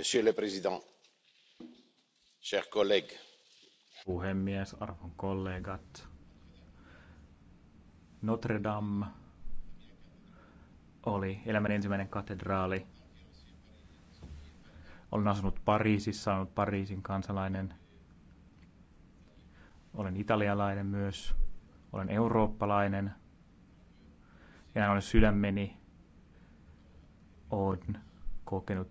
monsieur le président chers collègues puhemies arvon kollegat notre dame oli elämän ensimmäinen katedraali. Olen asunut Pariisissa, olen Pariisin kansalainen. Olen italialainen myös. Olen eurooppalainen. Ja olen sydämeni on kokenut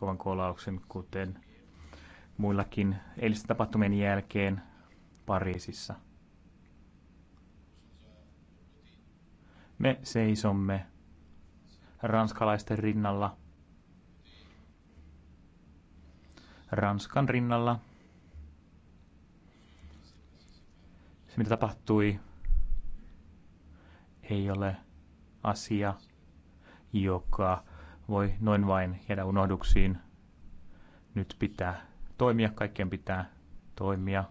kovan kolauksen, kuten muillakin eilisten tapahtumien jälkeen Pariisissa. Me seisomme ranskalaisten rinnalla, Ranskan rinnalla. Se, mitä tapahtui, ei ole asia, joka voi noin vain jäädä unohduksiin. Nyt pitää toimia, kaikkien pitää toimia.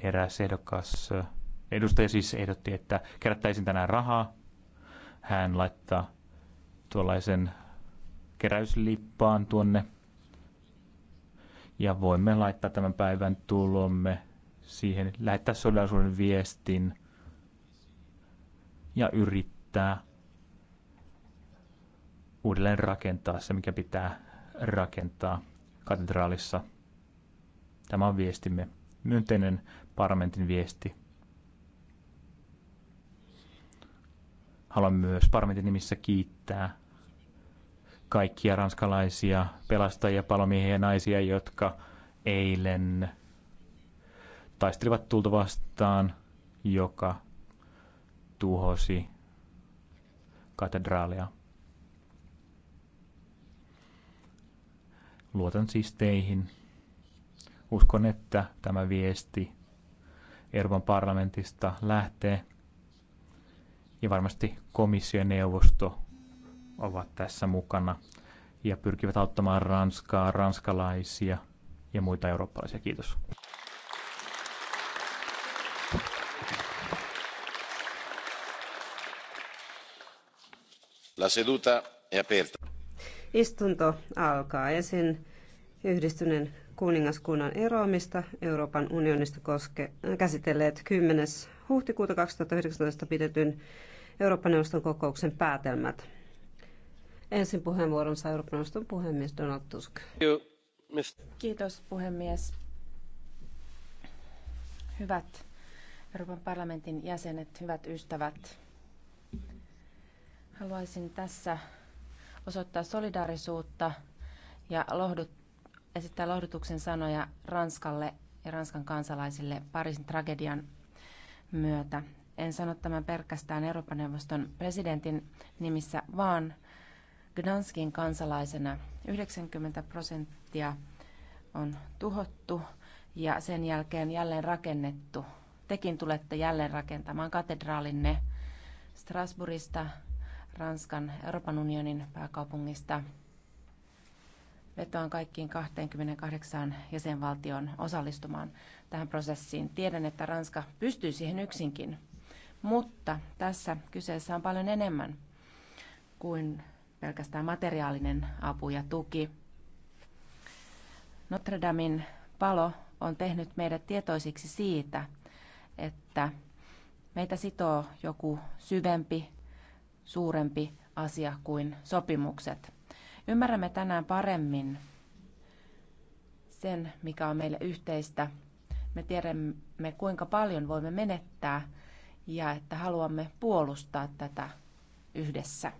Eräs ehdokas edustaja siis ehdotti, että kerättäisiin tänään rahaa. Hän laittaa tuollaisen keräyslippaan tuonne. Ja voimme laittaa tämän päivän tulomme siihen, lähettää solidaarisuuden viestin ja yrittää uudelleen rakentaa se, mikä pitää rakentaa katedraalissa. Tämä on viestimme, myönteinen parlamentin viesti. Haluan myös parlamentin nimissä kiittää kaikkia ranskalaisia pelastajia, palomiehiä ja naisia, jotka eilen taistelivat tulta vastaan, joka tuhosi katedraalia. Luotan siis teihin. Uskon, että tämä viesti Euroopan parlamentista lähtee. Ja varmasti komissio ja neuvosto ovat tässä mukana ja pyrkivät auttamaan Ranskaa, ranskalaisia ja muita eurooppalaisia. Kiitos. La seduta è aperta. Istunto alkaa ensin yhdistyneen kuningaskunnan eroamista Euroopan unionista koske, käsitelleet 10. huhtikuuta 2019 pidetyn Euroopan neuvoston kokouksen päätelmät. Ensin puheenvuoron saa Euroopan neuvoston puhemies Donald Tusk. Kiitos puhemies. Hyvät Euroopan parlamentin jäsenet, hyvät ystävät. Haluaisin tässä osoittaa solidaarisuutta ja lohdut, esittää lohdutuksen sanoja Ranskalle ja Ranskan kansalaisille Pariisin tragedian myötä. En sano tämän pelkästään Euroopan neuvoston presidentin nimissä, vaan Gdanskin kansalaisena 90 prosenttia on tuhottu ja sen jälkeen jälleen rakennettu. Tekin tulette jälleen rakentamaan katedraalinne Strasbourgista Ranskan Euroopan unionin pääkaupungista. Vetoan kaikkiin 28 jäsenvaltion osallistumaan tähän prosessiin. Tiedän, että Ranska pystyy siihen yksinkin, mutta tässä kyseessä on paljon enemmän kuin pelkästään materiaalinen apu ja tuki. Notre Damin palo on tehnyt meidät tietoisiksi siitä, että meitä sitoo joku syvempi suurempi asia kuin sopimukset. Ymmärrämme tänään paremmin sen, mikä on meille yhteistä. Me tiedämme, kuinka paljon voimme menettää ja että haluamme puolustaa tätä yhdessä.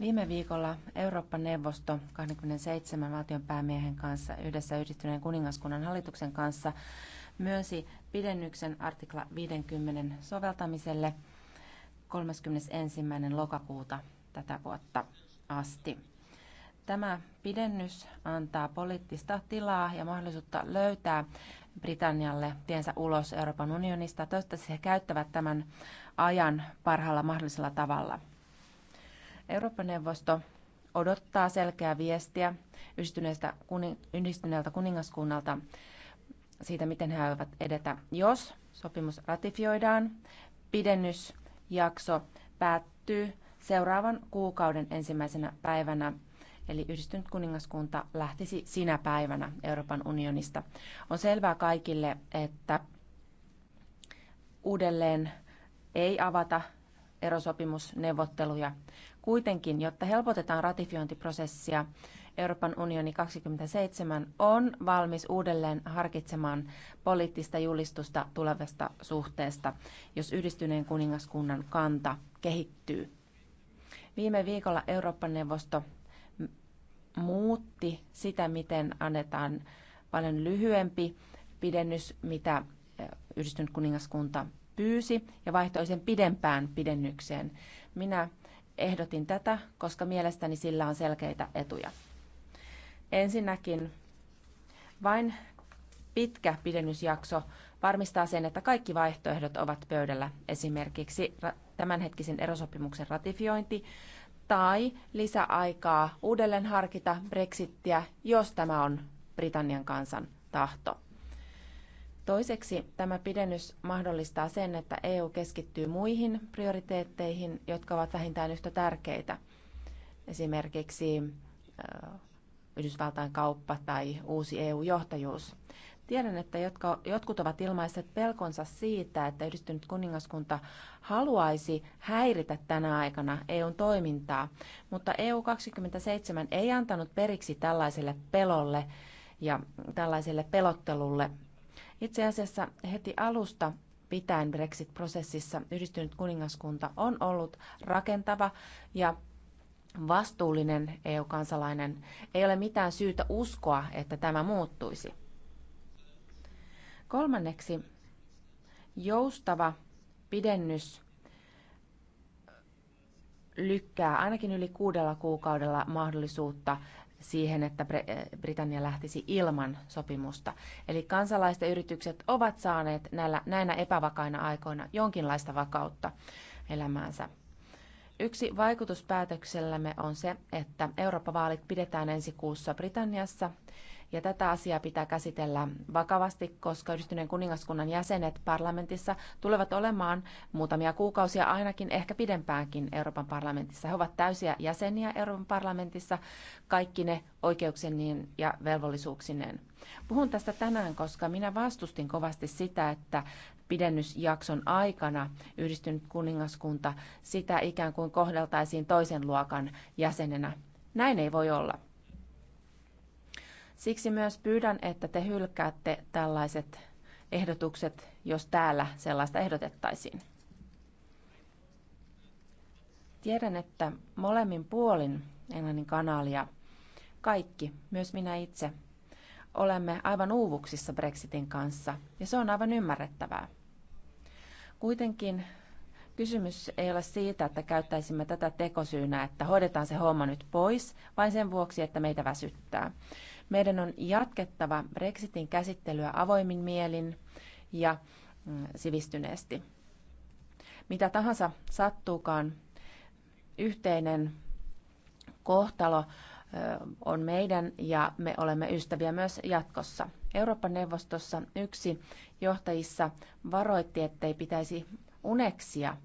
Viime viikolla Euroopan neuvosto 27 valtion päämiehen kanssa yhdessä yhdistyneen kuningaskunnan hallituksen kanssa myönsi pidennyksen artikla 50 soveltamiselle – 31. lokakuuta tätä vuotta asti. Tämä pidennys antaa poliittista tilaa ja mahdollisuutta löytää Britannialle tiensä ulos Euroopan unionista. Toivottavasti he käyttävät tämän ajan parhaalla mahdollisella tavalla. Euroopan neuvosto odottaa selkeää viestiä yhdistyneeltä, kuningaskunnalta siitä, miten he aiovat edetä. Jos sopimus ratifioidaan, pidennys jakso päättyy seuraavan kuukauden ensimmäisenä päivänä eli yhdistynyt kuningaskunta lähtisi sinä päivänä Euroopan unionista. On selvää kaikille, että uudelleen ei avata erosopimusneuvotteluja. Kuitenkin, jotta helpotetaan ratifiointiprosessia, Euroopan unioni 27 on valmis uudelleen harkitsemaan poliittista julistusta tulevasta suhteesta, jos yhdistyneen kuningaskunnan kanta kehittyy. Viime viikolla Euroopan neuvosto muutti sitä, miten annetaan paljon lyhyempi pidennys, mitä eh, yhdistynyt kuningaskunta pyysi, ja vaihtoi sen pidempään pidennykseen. Minä ehdotin tätä, koska mielestäni sillä on selkeitä etuja. Ensinnäkin vain pitkä pidennysjakso varmistaa sen, että kaikki vaihtoehdot ovat pöydällä, esimerkiksi tämänhetkisen erosopimuksen ratifiointi tai lisäaikaa uudelleen harkita Brexittiä, jos tämä on Britannian kansan tahto. Toiseksi tämä pidennys mahdollistaa sen, että EU keskittyy muihin prioriteetteihin, jotka ovat vähintään yhtä tärkeitä. Esimerkiksi Yhdysvaltain kauppa tai uusi EU-johtajuus. Tiedän, että jotka, jotkut ovat ilmaiset pelkonsa siitä, että yhdistynyt kuningaskunta haluaisi häiritä tänä aikana EUn toimintaa, mutta EU27 ei antanut periksi tällaiselle pelolle ja tällaiselle pelottelulle. Itse asiassa heti alusta pitäen Brexit-prosessissa yhdistynyt kuningaskunta on ollut rakentava ja vastuullinen EU-kansalainen ei ole mitään syytä uskoa, että tämä muuttuisi. Kolmanneksi, joustava pidennys lykkää ainakin yli kuudella kuukaudella mahdollisuutta siihen, että Britannia lähtisi ilman sopimusta. Eli kansalaiset yritykset ovat saaneet näillä, näinä epävakaina aikoina jonkinlaista vakautta elämäänsä. Yksi vaikutuspäätöksellämme on se, että Eurooppa-vaalit pidetään ensi kuussa Britanniassa, ja tätä asiaa pitää käsitellä vakavasti, koska yhdistyneen kuningaskunnan jäsenet parlamentissa tulevat olemaan muutamia kuukausia ainakin, ehkä pidempäänkin Euroopan parlamentissa. He ovat täysiä jäseniä Euroopan parlamentissa, kaikki ne oikeuksineen ja velvollisuuksineen. Puhun tästä tänään, koska minä vastustin kovasti sitä, että pidennysjakson aikana yhdistynyt kuningaskunta sitä ikään kuin kohdeltaisiin toisen luokan jäsenenä. Näin ei voi olla. Siksi myös pyydän, että te hylkäätte tällaiset ehdotukset, jos täällä sellaista ehdotettaisiin. Tiedän, että molemmin puolin Englannin kanalia kaikki, myös minä itse, olemme aivan uuvuksissa Brexitin kanssa, ja se on aivan ymmärrettävää. Kuitenkin kysymys ei ole siitä, että käyttäisimme tätä tekosyynä, että hoidetaan se homma nyt pois, vain sen vuoksi, että meitä väsyttää. Meidän on jatkettava Brexitin käsittelyä avoimin mielin ja mm, sivistyneesti. Mitä tahansa sattuukaan, yhteinen kohtalo on meidän ja me olemme ystäviä myös jatkossa. Euroopan neuvostossa yksi johtajissa varoitti, ettei pitäisi uneksia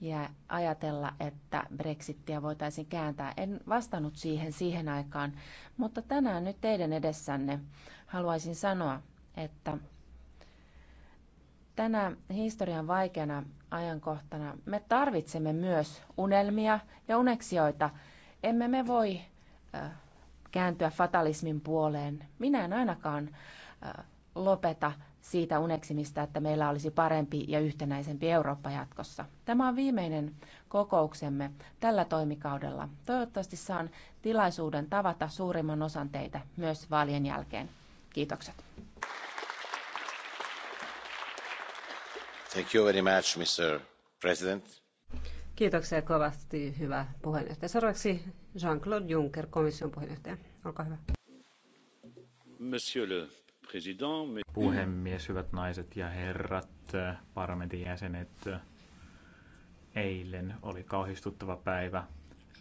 ja ajatella, että brexittiä voitaisiin kääntää. En vastannut siihen siihen aikaan, mutta tänään nyt teidän edessänne haluaisin sanoa, että tänä historian vaikeana ajankohtana me tarvitsemme myös unelmia ja uneksioita. Emme me voi kääntyä fatalismin puoleen. Minä en ainakaan lopeta siitä uneksimista, että meillä olisi parempi ja yhtenäisempi Eurooppa jatkossa. Tämä on viimeinen kokouksemme tällä toimikaudella. Toivottavasti saan tilaisuuden tavata suurimman osan teitä myös vaalien jälkeen. Kiitokset. Thank you very much, Mr. President. Kiitoksia kovasti, hyvä puheenjohtaja. Seuraavaksi Jean-Claude Juncker, komission puheenjohtaja. Olkaa hyvä. Monsieur le Puhemies, hyvät naiset ja herrat, parlamentin jäsenet. Eilen oli kauhistuttava päivä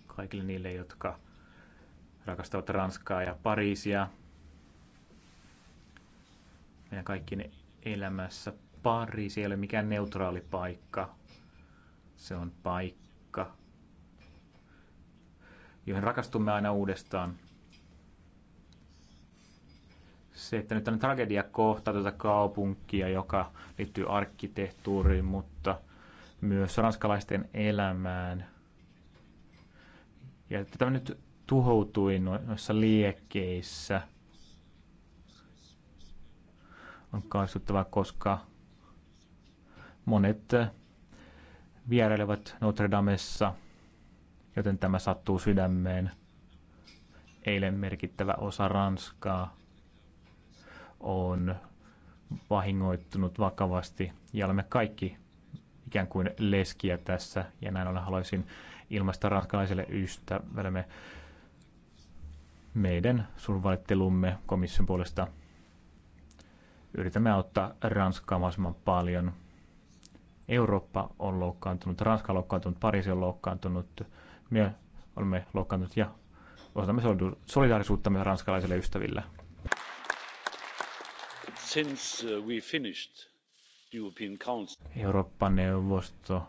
kaikille niille, jotka rakastavat Ranskaa ja Pariisia. Meidän kaikkien elämässä Pariisi ei ole mikään neutraali paikka. Se on paikka, johon rakastumme aina uudestaan se, että nyt on tragedia kohtaa tuota kaupunkia, joka liittyy arkkitehtuuriin, mutta myös ranskalaisten elämään. Ja että tämä nyt tuhoutui no-, noissa liekkeissä. On kauhistuttavaa, koska monet äh, vierailevat Notre Damessa, joten tämä sattuu sydämeen. Eilen merkittävä osa Ranskaa on vahingoittunut vakavasti ja olemme kaikki ikään kuin leskiä tässä ja näin ollen haluaisin ilmaista ranskalaiselle ystävällemme meidän survaittelumme komission puolesta. Yritämme auttaa Ranskaa mahdollisimman paljon. Eurooppa on loukkaantunut, Ranska on loukkaantunut, Pariisi on loukkaantunut, me olemme loukkaantunut ja osoitamme solidaarisuuttamme ranskalaisille ystäville. Uh, Eurooppa-neuvosto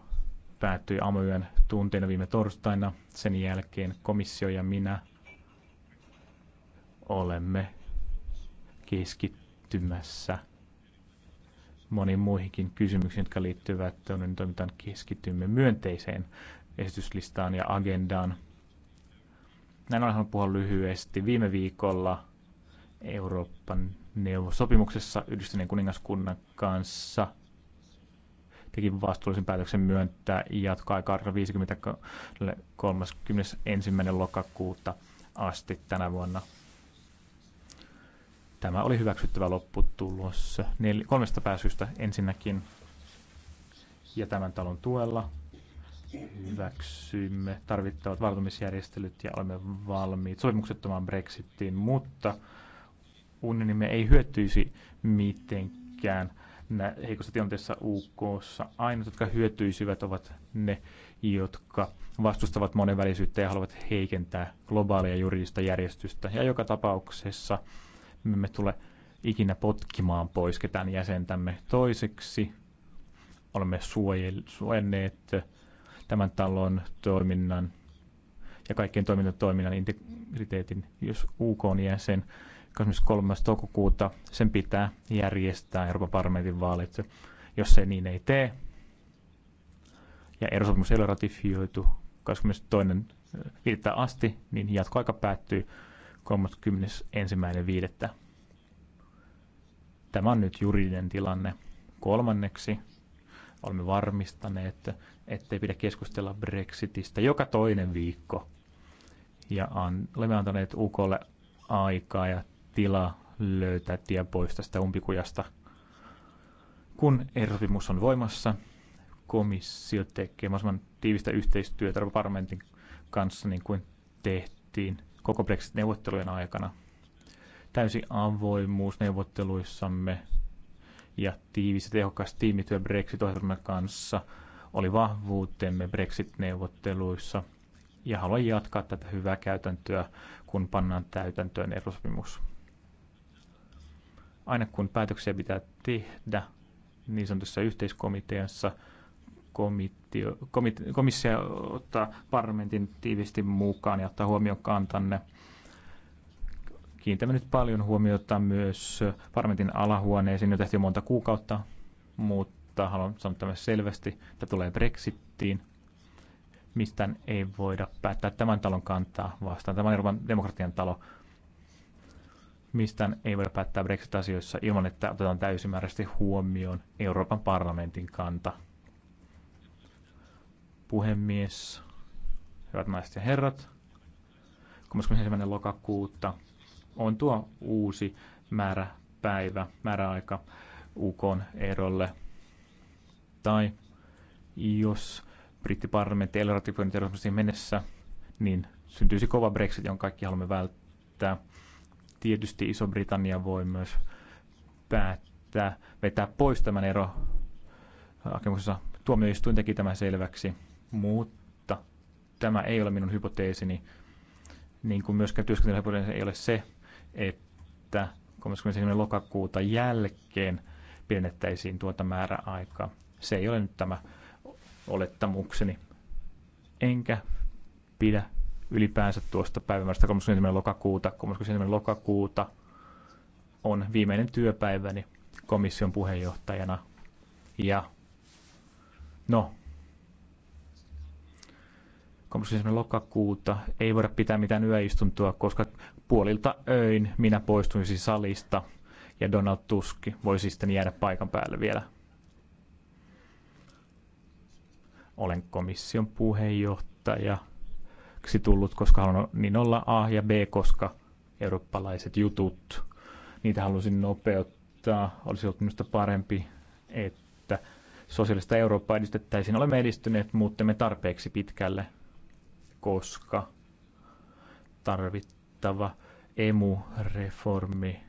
päättyi aamuyön tunteina viime torstaina. Sen jälkeen komissio ja minä olemme keskittymässä moniin muihinkin kysymyksiin, jotka liittyvät unionin toimintaan keskitymme myönteiseen esityslistaan ja agendaan. Näin olen halunnut puhua lyhyesti. Viime viikolla Euroopan neuvosopimuksessa yhdistyneen kuningaskunnan kanssa teki vastuullisen päätöksen myöntää jatkoaikaa 50 31. lokakuuta asti tänä vuonna. Tämä oli hyväksyttävä lopputulos nel- kolmesta pääsystä ensinnäkin ja tämän talon tuella hyväksymme tarvittavat valtumisjärjestelyt ja olemme valmiit sopimuksettomaan Brexitiin, mutta unionimme ei hyötyisi mitenkään heikossa tilanteessa UKssa. Ainoat, jotka hyötyisivät, ovat ne, jotka vastustavat monenvälisyyttä ja haluavat heikentää globaalia juridista järjestystä. Ja joka tapauksessa me tule ikinä potkimaan pois ketään jäsentämme. Toiseksi olemme suojanneet tämän talon toiminnan ja kaikkien toiminnan integriteetin, jos UK on jäsen 23. toukokuuta sen pitää järjestää Euroopan parlamentin vaalit. Jos se niin ei tee, ja erosopimus ei ole ratifioitu 22.5. Eh, asti, niin jatkoaika päättyy 31.5. Tämä on nyt juridinen tilanne. Kolmanneksi olemme varmistaneet, ettei pidä keskustella Brexitistä joka toinen viikko. Ja olemme antaneet UKlle aikaa ja tilaa löytää tie pois tästä umpikujasta. Kun erosopimus on voimassa, komissio tekee mahdollisimman tiivistä yhteistyötä parlamentin kanssa, niin kuin tehtiin koko Brexit-neuvottelujen aikana. Täysi avoimuus neuvotteluissamme ja tiivis ja tehokas tiimityö Brexit-ohjelman kanssa oli vahvuutemme Brexit-neuvotteluissa ja haluan jatkaa tätä hyvää käytäntöä, kun pannaan täytäntöön erosopimus aina kun päätöksiä pitää tehdä niin sanotussa yhteiskomiteassa, komitio, komit, komissio ottaa parlamentin tiivisti mukaan ja ottaa huomioon kantanne. Kiinnitämme nyt paljon huomiota myös parlamentin alahuoneeseen jo tehtiin monta kuukautta, mutta haluan sanoa tämän selvästi, että tulee Brexittiin. Mistään ei voida päättää tämän talon kantaa vastaan. Tämä on Euroopan demokratian talo mistään ei voida päättää Brexit-asioissa ilman, että otetaan täysimääräisesti huomioon Euroopan parlamentin kanta. Puhemies, hyvät naiset ja herrat, 31. lokakuuta on tuo uusi määräpäivä, määräaika UK erolle. Tai jos brittiparlamentti ei ratifioinut mennessä, niin syntyisi kova Brexit, jonka kaikki haluamme välttää. Tietysti Iso-Britannia voi myös päättää vetää pois tämän ero hakemuksessa. Tuomioistuin teki tämän selväksi, mutta tämä ei ole minun hypoteesini. Niin kuin myöskään työskentelyhypoteesi ei ole se, että 31. lokakuuta jälkeen pidennettäisiin tuota määräaikaa. Se ei ole nyt tämä olettamukseni. Enkä pidä ylipäänsä tuosta päivämäärästä 31. lokakuuta. 31. lokakuuta on viimeinen työpäiväni komission puheenjohtajana. Ja no, 31. lokakuuta ei voida pitää mitään yöistuntoa, koska puolilta öin minä poistuisin salista ja Donald Tusk voisi siis sitten jäädä paikan päälle vielä. Olen komission puheenjohtaja. Suomeksi tullut, koska haluan niin olla A ja B, koska eurooppalaiset jutut, niitä halusin nopeuttaa. Olisi ollut minusta parempi, että sosiaalista Eurooppaa edistettäisiin. Olemme edistyneet, mutta me tarpeeksi pitkälle, koska tarvittava emu-reformi.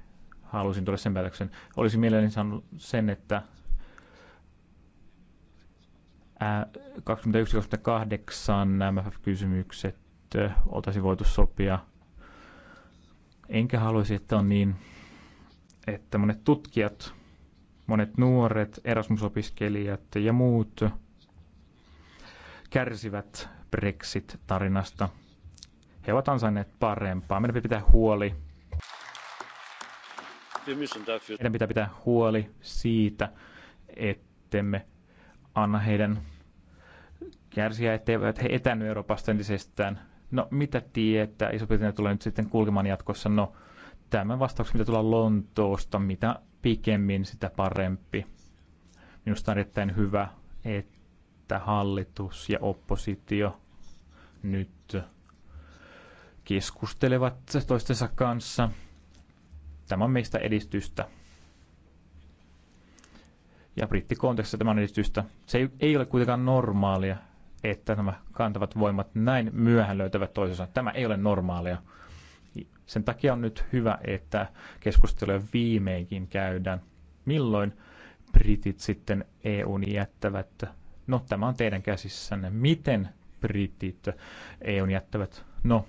Halusin tulla sen päätöksen. Olisin mielelläni saanut sen, että 21-28 MFF-kysymykset oltaisiin voitu sopia. Enkä haluaisi, että on niin, että monet tutkijat, monet nuoret, Erasmus-opiskelijat ja muut kärsivät Brexit-tarinasta. He ovat ansainneet parempaa. Meidän pitää huoli. Meidän pitää pitää huoli siitä, ettemme anna heidän kärsiä, etteivät he etänny Euroopasta entisestään. No mitä tietää, iso tulee nyt sitten kulkemaan jatkossa? No tämän vastauksen mitä tulla Lontoosta, mitä pikemmin sitä parempi. Minusta on erittäin hyvä, että hallitus ja oppositio nyt keskustelevat toistensa kanssa. Tämä on meistä edistystä. Ja brittikontekstissa tämä on edistystä. Se ei ole kuitenkaan normaalia, että nämä kantavat voimat näin myöhään löytävät toisensa. Tämä ei ole normaalia. Sen takia on nyt hyvä, että keskusteluja viimeinkin käydään. Milloin britit sitten EUn jättävät? No, tämä on teidän käsissänne. Miten britit EUn jättävät? No,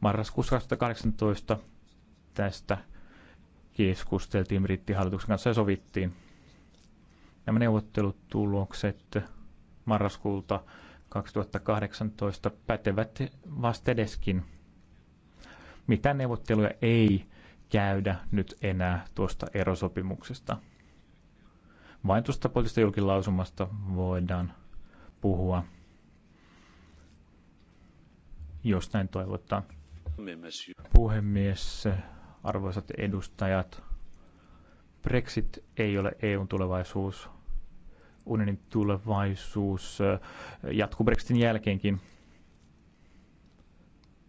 marraskuussa 2018 tästä keskusteltiin brittihallituksen kanssa ja sovittiin nämä neuvottelutulokset marraskuulta 2018 pätevät vastedeskin. Mitä neuvotteluja ei käydä nyt enää tuosta erosopimuksesta. Vain tuosta poliittisesta julkilausumasta voidaan puhua, jos näin toivotaan. Puhemies, arvoisat edustajat, Brexit ei ole EUn tulevaisuus, unionin tulevaisuus eh, jatkuu Brexitin jälkeenkin.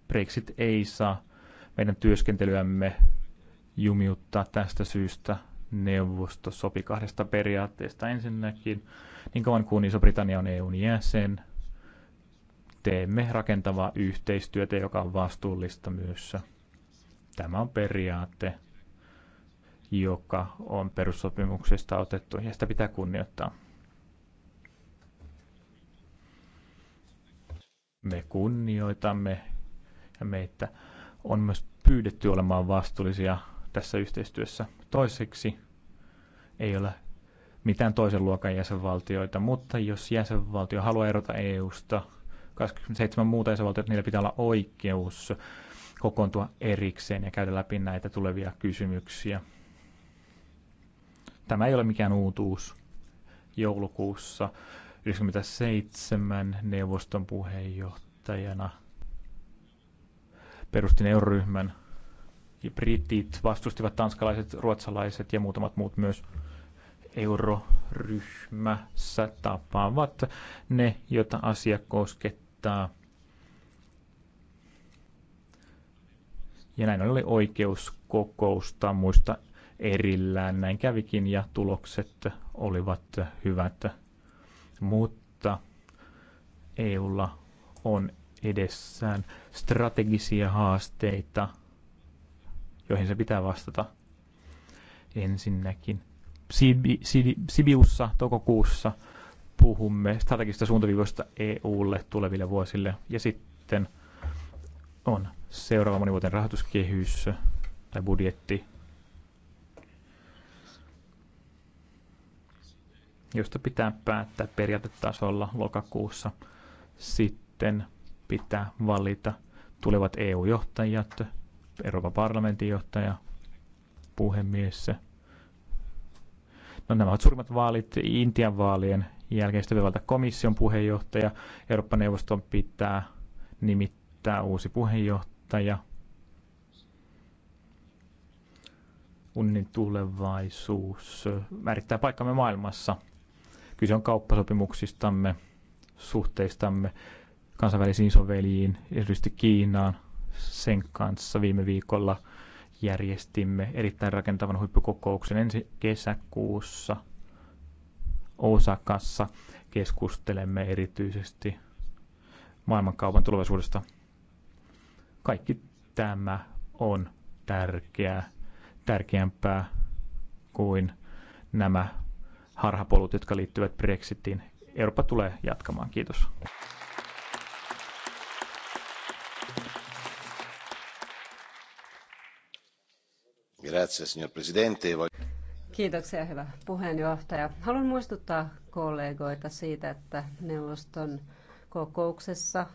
Brexit ei saa meidän työskentelyämme jumiuttaa tästä syystä. Neuvosto sopi kahdesta periaatteesta ensinnäkin. Niin kauan kuin Iso-Britannia on EUn jäsen, teemme rakentavaa yhteistyötä, joka on vastuullista myös. Tämä on periaate, joka on perussopimuksesta otettu ja sitä pitää kunnioittaa. me kunnioitamme ja meitä on myös pyydetty olemaan vastuullisia tässä yhteistyössä. Toiseksi ei ole mitään toisen luokan jäsenvaltioita, mutta jos jäsenvaltio haluaa erota EU-sta, 27 muuta jäsenvaltiota, niillä pitää olla oikeus kokoontua erikseen ja käydä läpi näitä tulevia kysymyksiä. Tämä ei ole mikään uutuus. Joulukuussa 97 neuvoston puheenjohtajana perusti euroryhmän. Britit vastustivat tanskalaiset, ruotsalaiset ja muutamat muut myös euroryhmässä tapaavat ne, joita asia koskettaa. Ja näin oli oikeus kokousta muista erillään. Näin kävikin ja tulokset olivat hyvät mutta EUlla on edessään strategisia haasteita, joihin se pitää vastata. Ensinnäkin Sibi, Sibi, Sibiussa toukokuussa puhumme strategisista suuntaviivoista EUlle tuleville vuosille ja sitten on seuraava monivuotinen rahoituskehys tai budjetti, josta pitää päättää periaatetasolla lokakuussa. Sitten pitää valita tulevat EU-johtajat, Euroopan parlamentin johtaja, puhemies. No, nämä ovat suurimmat vaalit Intian vaalien jälkeen. Sitten valita komission puheenjohtaja. Euroopan neuvoston pitää nimittää uusi puheenjohtaja. Unnin tulevaisuus määrittää paikkamme maailmassa – Kyse on kauppasopimuksistamme, suhteistamme kansainvälisiin soveliin, erityisesti Kiinaan. Sen kanssa viime viikolla järjestimme erittäin rakentavan huippukokouksen ensi kesäkuussa Osakassa. Keskustelemme erityisesti maailmankaupan tulevaisuudesta. Kaikki tämä on tärkeää, tärkeämpää kuin nämä harhapolut, jotka liittyvät Brexitiin. Eurooppa tulee jatkamaan. Kiitos. Kiitoksia, hyvä puheenjohtaja. Haluan muistuttaa kollegoita siitä, että neuvoston kokouksessa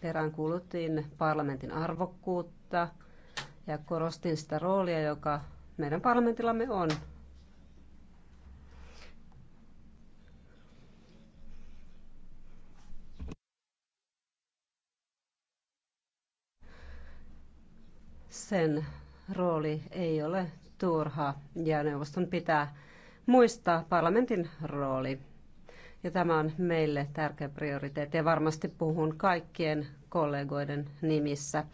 peräänkuuluttiin parlamentin arvokkuutta ja korostin sitä roolia, joka meidän parlamentillamme on sen rooli ei ole turha ja neuvoston pitää muistaa parlamentin rooli. Ja tämä on meille tärkeä prioriteetti ja varmasti puhun kaikkien kollegoiden nimissä.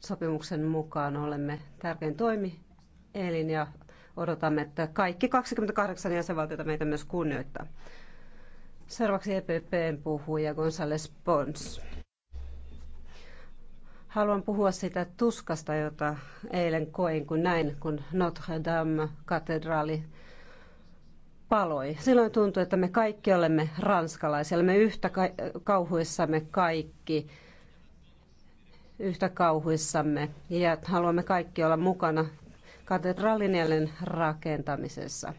Sopimuksen mukaan olemme tärkein toimielin ja odotamme, että kaikki 28 jäsenvaltiota meitä myös kunnioittaa. Seuraavaksi EPPn puhuja González Pons. Haluan puhua siitä tuskasta, jota eilen koin, kun näin, kun Notre Dame-katedraali paloi. Silloin tuntui, että me kaikki olemme ranskalaisia, olemme yhtä kauhuissamme kaikki, yhtä kauhuissamme ja haluamme kaikki olla mukana katedraalin rakentamisessa.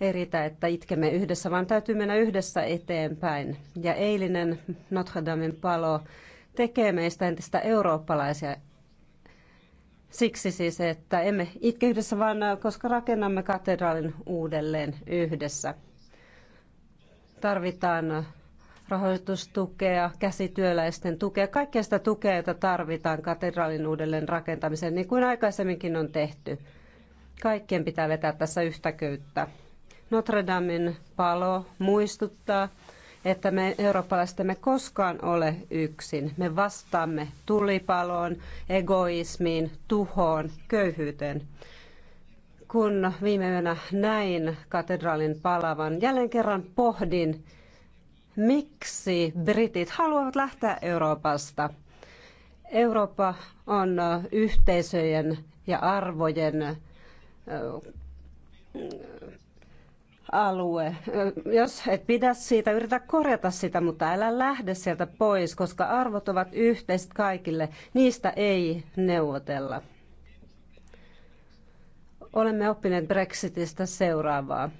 Ei riitä, että itkemme yhdessä, vaan täytyy mennä yhdessä eteenpäin. Ja eilinen Notre Damen palo tekee meistä entistä eurooppalaisia. Siksi siis, että emme itke yhdessä, vaan koska rakennamme katedraalin uudelleen yhdessä. Tarvitaan rahoitustukea, käsityöläisten tukea, kaikkea sitä tukea, jota tarvitaan katedraalin uudelleen rakentamiseen, niin kuin aikaisemminkin on tehty. Kaikkien pitää vetää tässä yhtäköyttä. Notre Damen palo muistuttaa, että me eurooppalaiset emme koskaan ole yksin. Me vastaamme tulipaloon, egoismiin, tuhoon, köyhyyteen. Kun viime yönä näin katedraalin palavan, jälleen kerran pohdin, miksi britit haluavat lähteä Euroopasta. Eurooppa on yhteisöjen ja arvojen alue. Jos et pidä siitä, yritä korjata sitä, mutta älä lähde sieltä pois, koska arvot ovat yhteiset kaikille. Niistä ei neuvotella. Olemme oppineet Brexitistä seuraavaa.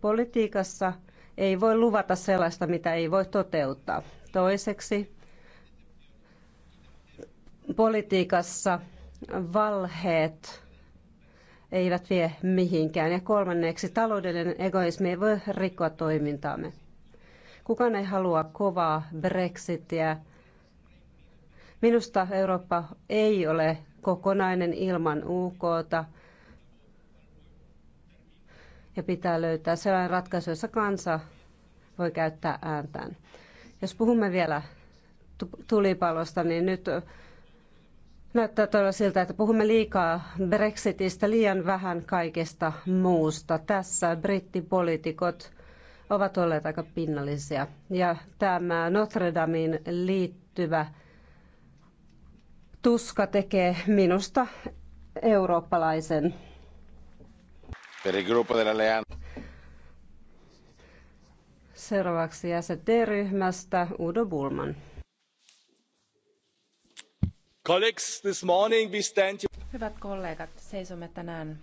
Politiikassa ei voi luvata sellaista, mitä ei voi toteuttaa. Toiseksi politiikassa valheet eivät vie mihinkään. Ja kolmanneksi, taloudellinen egoismi ei voi rikkoa toimintaamme. Kukaan ei halua kovaa Brexitiä. Minusta Eurooppa ei ole kokonainen ilman UKta. Ja pitää löytää sellainen ratkaisu, jossa kansa voi käyttää ääntään. Jos puhumme vielä tulipalosta, niin nyt Näyttää todella siltä, että puhumme liikaa Brexitistä, liian vähän kaikesta muusta. Tässä brittipolitiikot ovat olleet aika pinnallisia. Ja tämä Notre Damein liittyvä tuska tekee minusta eurooppalaisen. Seuraavaksi jäsen d ryhmästä Udo Bulman. Hyvät kollegat, seisomme tänään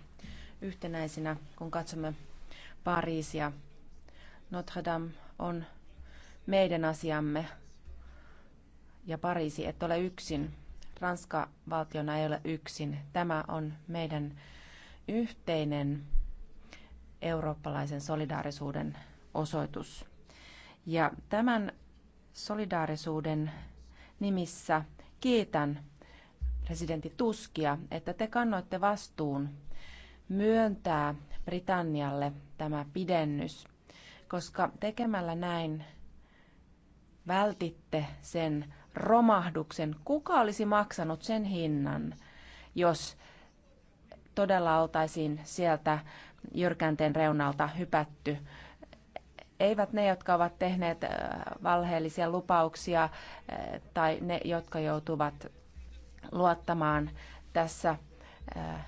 yhtenäisinä, kun katsomme Pariisia. Notre Dame on meidän asiamme ja Pariisi et ole yksin. Ranska valtiona ei ole yksin. Tämä on meidän yhteinen eurooppalaisen solidaarisuuden osoitus. Ja tämän solidaarisuuden nimissä kiitän presidentti Tuskia, että te kannoitte vastuun myöntää Britannialle tämä pidennys, koska tekemällä näin vältitte sen romahduksen. Kuka olisi maksanut sen hinnan, jos todella oltaisiin sieltä jyrkänteen reunalta hypätty eivät ne, jotka ovat tehneet äh, valheellisia lupauksia äh, tai ne, jotka joutuvat luottamaan tässä äh,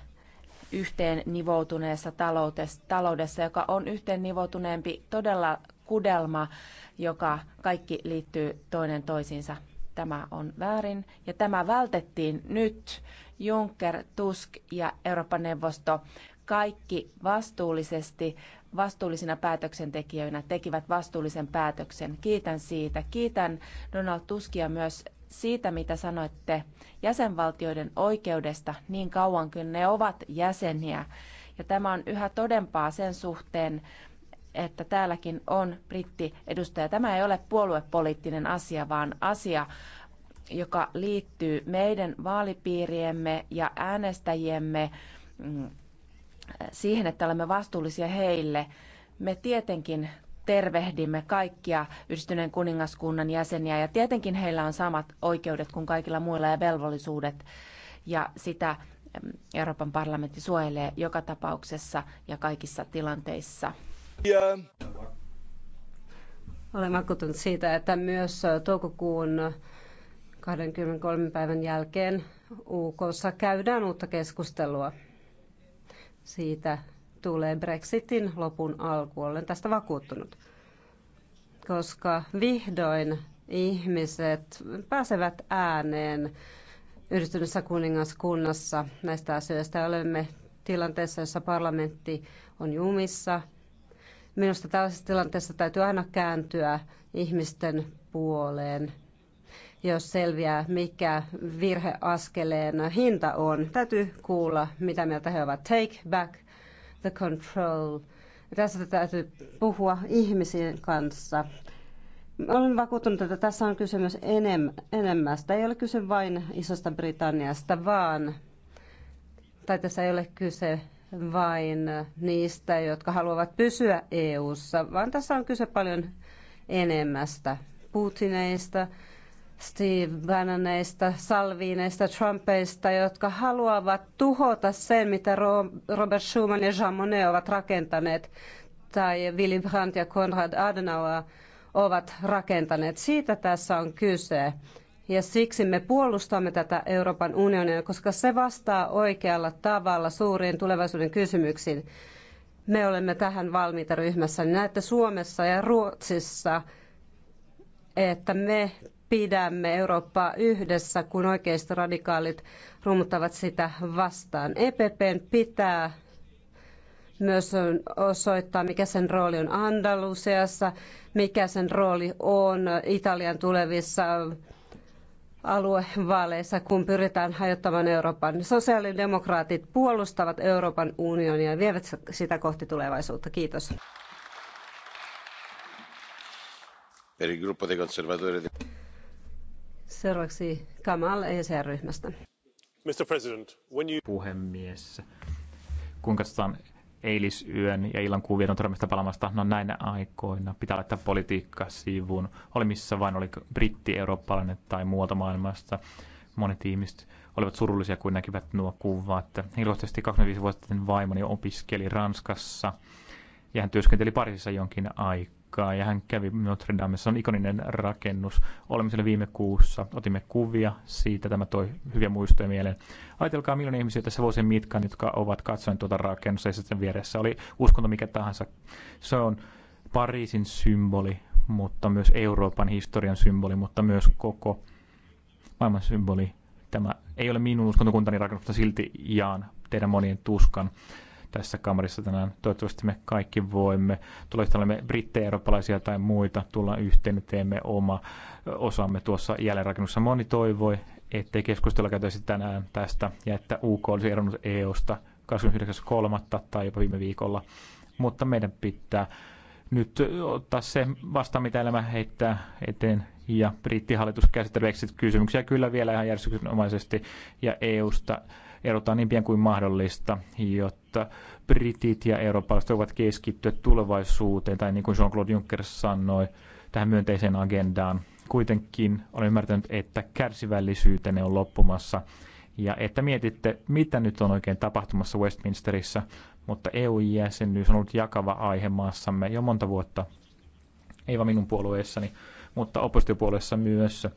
yhteen nivoutuneessa taloudessa, joka on yhteen nivoutuneempi todella kudelma, joka kaikki liittyy toinen toisiinsa. Tämä on väärin ja tämä vältettiin nyt. Juncker, Tusk ja Euroopan neuvosto kaikki vastuullisesti, vastuullisina päätöksentekijöinä tekivät vastuullisen päätöksen. Kiitän siitä. Kiitän Donald Tuskia myös siitä, mitä sanoitte jäsenvaltioiden oikeudesta niin kauan kuin ne ovat jäseniä. Ja tämä on yhä todempaa sen suhteen, että täälläkin on brittiedustaja. Tämä ei ole puoluepoliittinen asia, vaan asia, joka liittyy meidän vaalipiiriemme ja äänestäjiemme mm, siihen, että olemme vastuullisia heille. Me tietenkin tervehdimme kaikkia yhdistyneen kuningaskunnan jäseniä ja tietenkin heillä on samat oikeudet kuin kaikilla muilla ja velvollisuudet ja sitä Euroopan parlamentti suojelee joka tapauksessa ja kaikissa tilanteissa. Yeah. Olen vakuuttunut siitä, että myös toukokuun 23 päivän jälkeen UKssa käydään uutta keskustelua siitä, tulee Brexitin lopun alku. Olen tästä vakuuttunut, koska vihdoin ihmiset pääsevät ääneen yhdistyneessä kuningaskunnassa näistä asioista. Olemme tilanteessa, jossa parlamentti on jumissa. Minusta tällaisessa tilanteessa täytyy aina kääntyä ihmisten puoleen, jos selviää, mikä virheaskeleen hinta on. Täytyy kuulla, mitä mieltä he ovat. Take back the control. Tässä täytyy puhua ihmisien kanssa. Olen vakuuttunut, että tässä on kyse myös enem, enemmästä. Ei ole kyse vain Isosta Britanniasta, vaan, tai tässä ei ole kyse vain niistä, jotka haluavat pysyä EU:ssa, vaan tässä on kyse paljon enemmästä. Putineista, Steve Bannoneista, Salviineista, Trumpeista, jotka haluavat tuhota sen, mitä Robert Schuman ja Jean Monnet ovat rakentaneet, tai Willy Brandt ja Konrad Adenauer ovat rakentaneet. Siitä tässä on kyse. Ja siksi me puolustamme tätä Euroopan unionia, koska se vastaa oikealla tavalla suuriin tulevaisuuden kysymyksiin. Me olemme tähän valmiita ryhmässä. Näette Suomessa ja Ruotsissa, että me pidämme Eurooppaa yhdessä, kun oikeistoradikaalit radikaalit rummuttavat sitä vastaan. EPPn pitää myös osoittaa, mikä sen rooli on Andalusiassa, mikä sen rooli on Italian tulevissa aluevaaleissa, kun pyritään hajottamaan Euroopan. Sosiaalidemokraatit puolustavat Euroopan unionia ja vievät sitä kohti tulevaisuutta. Kiitos. Per il gruppo dei conservatori Seuraavaksi Kamal ECR-ryhmästä. Mr. President, when you... Puhemies, kun katsotaan eilisyön ja illan kuvien Notre palamasta, no näinä aikoina pitää laittaa politiikka sivuun. Oli missä vain, oli britti, eurooppalainen tai muualta maailmasta. Monet ihmiset olivat surullisia, kun näkivät nuo kuvat. Iloisesti 25 vuotta sitten vaimoni opiskeli Ranskassa ja hän työskenteli Pariisissa jonkin aikaa paikkaa ja hän kävi Notre Damessa. Se on ikoninen rakennus. Olemme siellä viime kuussa, otimme kuvia siitä, tämä toi hyviä muistoja mieleen. Ajatelkaa millainen ihmisiä tässä vuosien mitkaan, jotka ovat katsoneet tuota rakennusta ja sitten vieressä oli uskonto mikä tahansa. Se on Pariisin symboli, mutta myös Euroopan historian symboli, mutta myös koko maailman symboli. Tämä ei ole minun uskontokuntani rakennusta, silti jaan teidän monien tuskan tässä kamarissa tänään. Toivottavasti me kaikki voimme, Tulee olemme brittejä, eurooppalaisia tai muita, tulla yhteen, teemme oma osamme tuossa jälleenrakennuksessa. Moni toivoi, ettei keskustella käytäisi tänään tästä ja että UK olisi eronnut EUsta 29.3. tai jopa viime viikolla. Mutta meidän pitää nyt ottaa se vastaan, mitä elämä heittää eteen. Ja brittihallitus käsittelee kysymyksiä kyllä vielä ihan järjestyksenomaisesti ja EUsta erotaan niin pian kuin mahdollista, jotta britit ja eurooppalaiset voivat keskittyä tulevaisuuteen, tai niin kuin Jean-Claude Juncker sanoi, tähän myönteiseen agendaan. Kuitenkin olen ymmärtänyt, että kärsivällisyytenne on loppumassa ja että mietitte, mitä nyt on oikein tapahtumassa Westminsterissä, mutta EU-jäsenyys on ollut jakava aihe maassamme jo monta vuotta, ei vain minun puolueessani, mutta oppositiopuolueessa myös,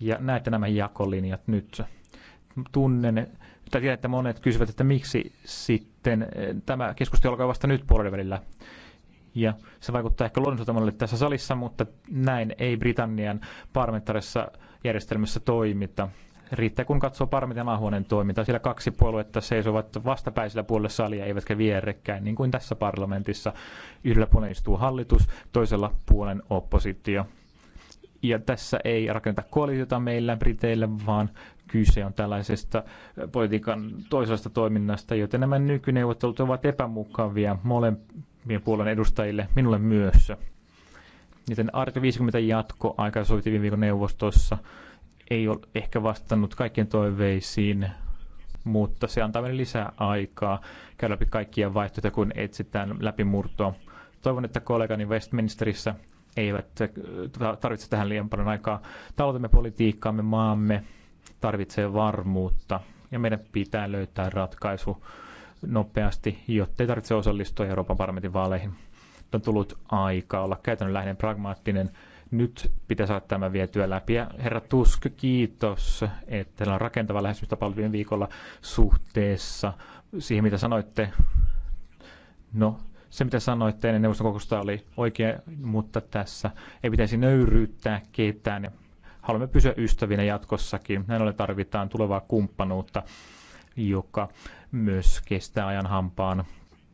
ja näette nämä jakolinjat nyt. Tunnen mutta tiedän, että monet kysyvät, että miksi sitten eh, tämä keskustelu alkaa vasta nyt puolen välillä. Ja se vaikuttaa ehkä luonnolliselta tässä salissa, mutta näin ei Britannian parlamentaarisessa järjestelmässä toimita. Riittää, kun katsoo parlamentin maahuoneen toimintaa. Siellä kaksi puoluetta seisovat vastapäisellä puolella salia, eivätkä vierekkäin, niin kuin tässä parlamentissa. Yhdellä puolella istuu hallitus, toisella puolen oppositio. Ja tässä ei rakenneta koalitiota meillä Briteillä, vaan kyse on tällaisesta politiikan toisesta toiminnasta, joten nämä nykyneuvottelut ovat epämukavia molempien puolen edustajille, minulle myös. Joten artikla 50 jatko aika sovittiin viime viikon neuvostossa ei ole ehkä vastannut kaikkien toiveisiin, mutta se antaa meille lisää aikaa käydä läpi kaikkia vaihtoehtoja, kun etsitään läpimurtoa. Toivon, että kollegani Westminsterissä eivät tarvitse tähän liian paljon aikaa. Taloutemme, politiikkaamme, maamme tarvitsee varmuutta ja meidän pitää löytää ratkaisu nopeasti, jotta ei tarvitse osallistua Euroopan parlamentin vaaleihin. Nyt on tullut aika olla lähden pragmaattinen. Nyt pitää saada tämä vietyä läpi. Ja herra Tusk, kiitos, että teillä on rakentava lähestymistapa viime viikolla suhteessa siihen, mitä sanoitte. No, se, mitä sanoitte ennen neuvoston kokousta, oli oikea, mutta tässä ei pitäisi nöyryyttää ketään haluamme pysyä ystävinä jatkossakin. Näin ollen tarvitaan tulevaa kumppanuutta, joka myös kestää ajan hampaan.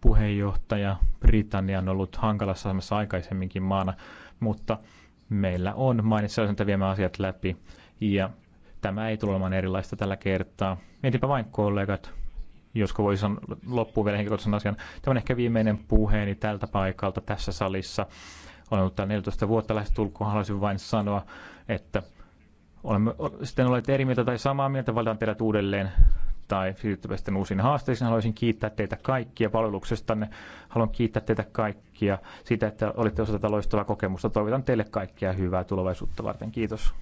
Puheenjohtaja Britannia on ollut hankalassa asemassa aikaisemminkin maana, mutta meillä on mainitsevaisenta viemään asiat läpi ja tämä ei tule olemaan erilaista tällä kertaa. Mietinpä vain kollegat, josko voisi sanoa loppuun vielä henkilökohtaisen asian. Tämä on ehkä viimeinen puheeni tältä paikalta tässä salissa. Olen ollut täällä 14 vuotta lähes tulkoon. Haluaisin vain sanoa, että olemme sitten olleet eri mieltä tai samaa mieltä, valitaan teidät uudelleen tai siirryttävä sitten uusiin haasteisiin. Haluaisin kiittää teitä kaikkia palveluksestanne. Haluan kiittää teitä kaikkia siitä, että olitte osa tätä loistavaa kokemusta. Toivotan teille kaikkia hyvää tulevaisuutta varten. Kiitos.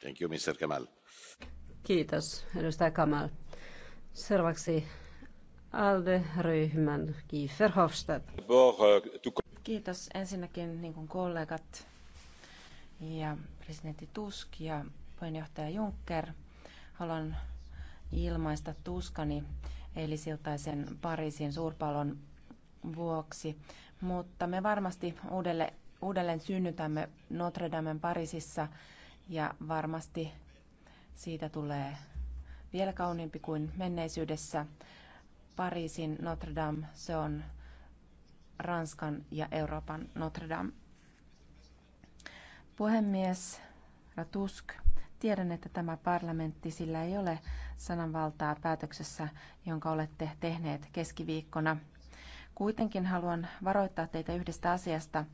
Thank you, Mr. Kamal. Kiitos, edustaja Kamal. Seuraavaksi ALDE-ryhmän Kiefer Hofstad. Kiitos ensinnäkin niin kuin kollegat ja presidentti Tusk ja puheenjohtaja Juncker. Haluan ilmaista tuskani eilisiltaisen Pariisin suurpalon vuoksi, mutta me varmasti uudelle, uudelleen synnytämme Notre Damen Pariisissa ja varmasti siitä tulee vielä kauniimpi kuin menneisyydessä. Pariisin Notre Dame, se on Ranskan ja Euroopan Notre Dame. Puhemies Ratusk, tiedän, että tämä parlamentti, sillä ei ole sananvaltaa päätöksessä, jonka olette tehneet keskiviikkona. Kuitenkin haluan varoittaa teitä yhdestä asiasta,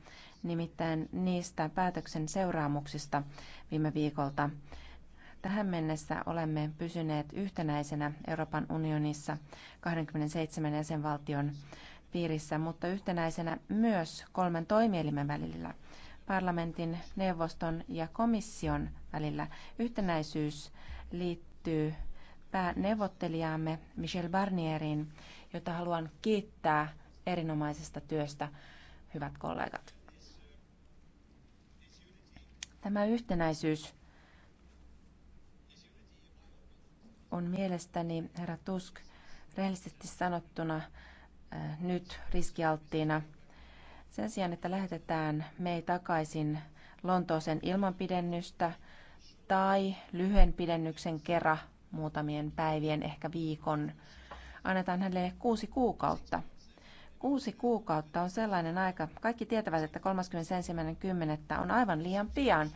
nimittäin niistä päätöksen seuraamuksista viime viikolta. Tähän mennessä olemme pysyneet yhtenäisenä Euroopan unionissa 27 jäsenvaltion piirissä, mutta yhtenäisenä myös kolmen toimielimen välillä, parlamentin, neuvoston ja komission välillä. Yhtenäisyys liittyy pääneuvottelijaamme Michel Barnierin, jota haluan kiittää erinomaisesta työstä, hyvät kollegat. Tämä yhtenäisyys on mielestäni, herra Tusk, rehellisesti sanottuna Äh, nyt riskialttiina. Sen sijaan, että lähetetään me takaisin Lontooseen ilman pidennystä tai lyhyen pidennyksen kerran muutamien päivien, ehkä viikon, annetaan hänelle kuusi kuukautta. Kuusi kuukautta on sellainen aika, kaikki tietävät, että 31.10. on aivan liian pian,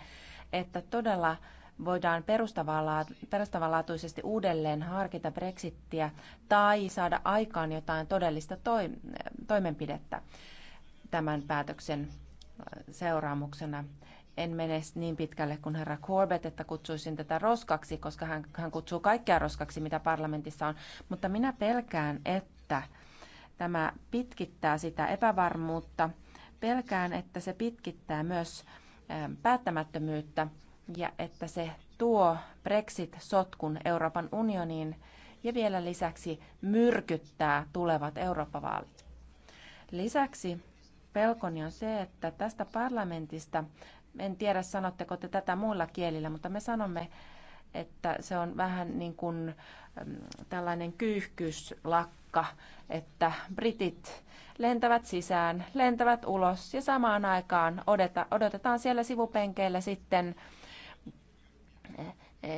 että todella voidaan perustavanlaatuisesti uudelleen harkita brexittiä tai saada aikaan jotain todellista toimenpidettä tämän päätöksen äh, seuraamuksena en mene niin pitkälle kuin herra Corbett, että kutsuisin tätä roskaksi, koska hän, hän kutsuu kaikkea roskaksi, mitä parlamentissa on. Mutta minä pelkään, että tämä pitkittää sitä epävarmuutta. Pelkään, että se pitkittää myös äh, päättämättömyyttä ja että se tuo Brexit-sotkun Euroopan unioniin ja vielä lisäksi myrkyttää tulevat Eurooppa-vaalit. Lisäksi pelkoni on se, että tästä parlamentista, en tiedä sanotteko te tätä muilla kielillä, mutta me sanomme, että se on vähän niin kuin tällainen kyyhkyslakka, että britit lentävät sisään, lentävät ulos ja samaan aikaan odotetaan siellä sivupenkeillä sitten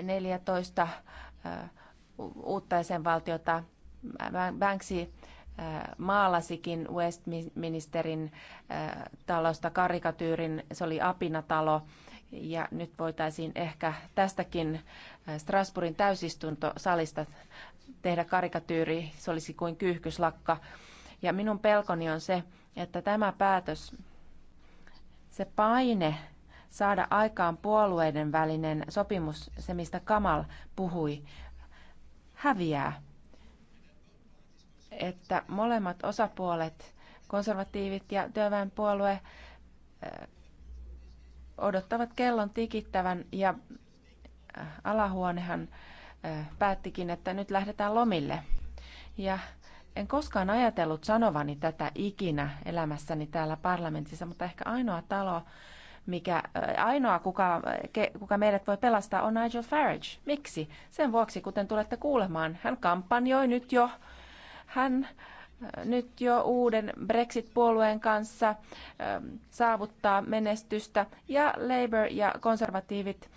14 uutta jäsenvaltiota. banksi maalasikin Westministerin talosta karikatyyrin, se oli apinatalo. Ja nyt voitaisiin ehkä tästäkin Strasbourgin täysistuntosalista tehdä karikatyyri, se olisi kuin kyyhkyslakka. Ja minun pelkoni on se, että tämä päätös, se paine, saada aikaan puolueiden välinen sopimus, se mistä Kamal puhui, häviää. Että molemmat osapuolet, konservatiivit ja työväenpuolue, odottavat kellon tikittävän ja alahuonehan päättikin, että nyt lähdetään lomille. Ja en koskaan ajatellut sanovani tätä ikinä elämässäni täällä parlamentissa, mutta ehkä ainoa talo, mikä ainoa, kuka, kuka meidät voi pelastaa, on Nigel Farage. Miksi? Sen vuoksi, kuten tulette kuulemaan, hän kampanjoi nyt jo. Hän nyt jo uuden Brexit-puolueen kanssa saavuttaa menestystä ja Labour ja konservatiivit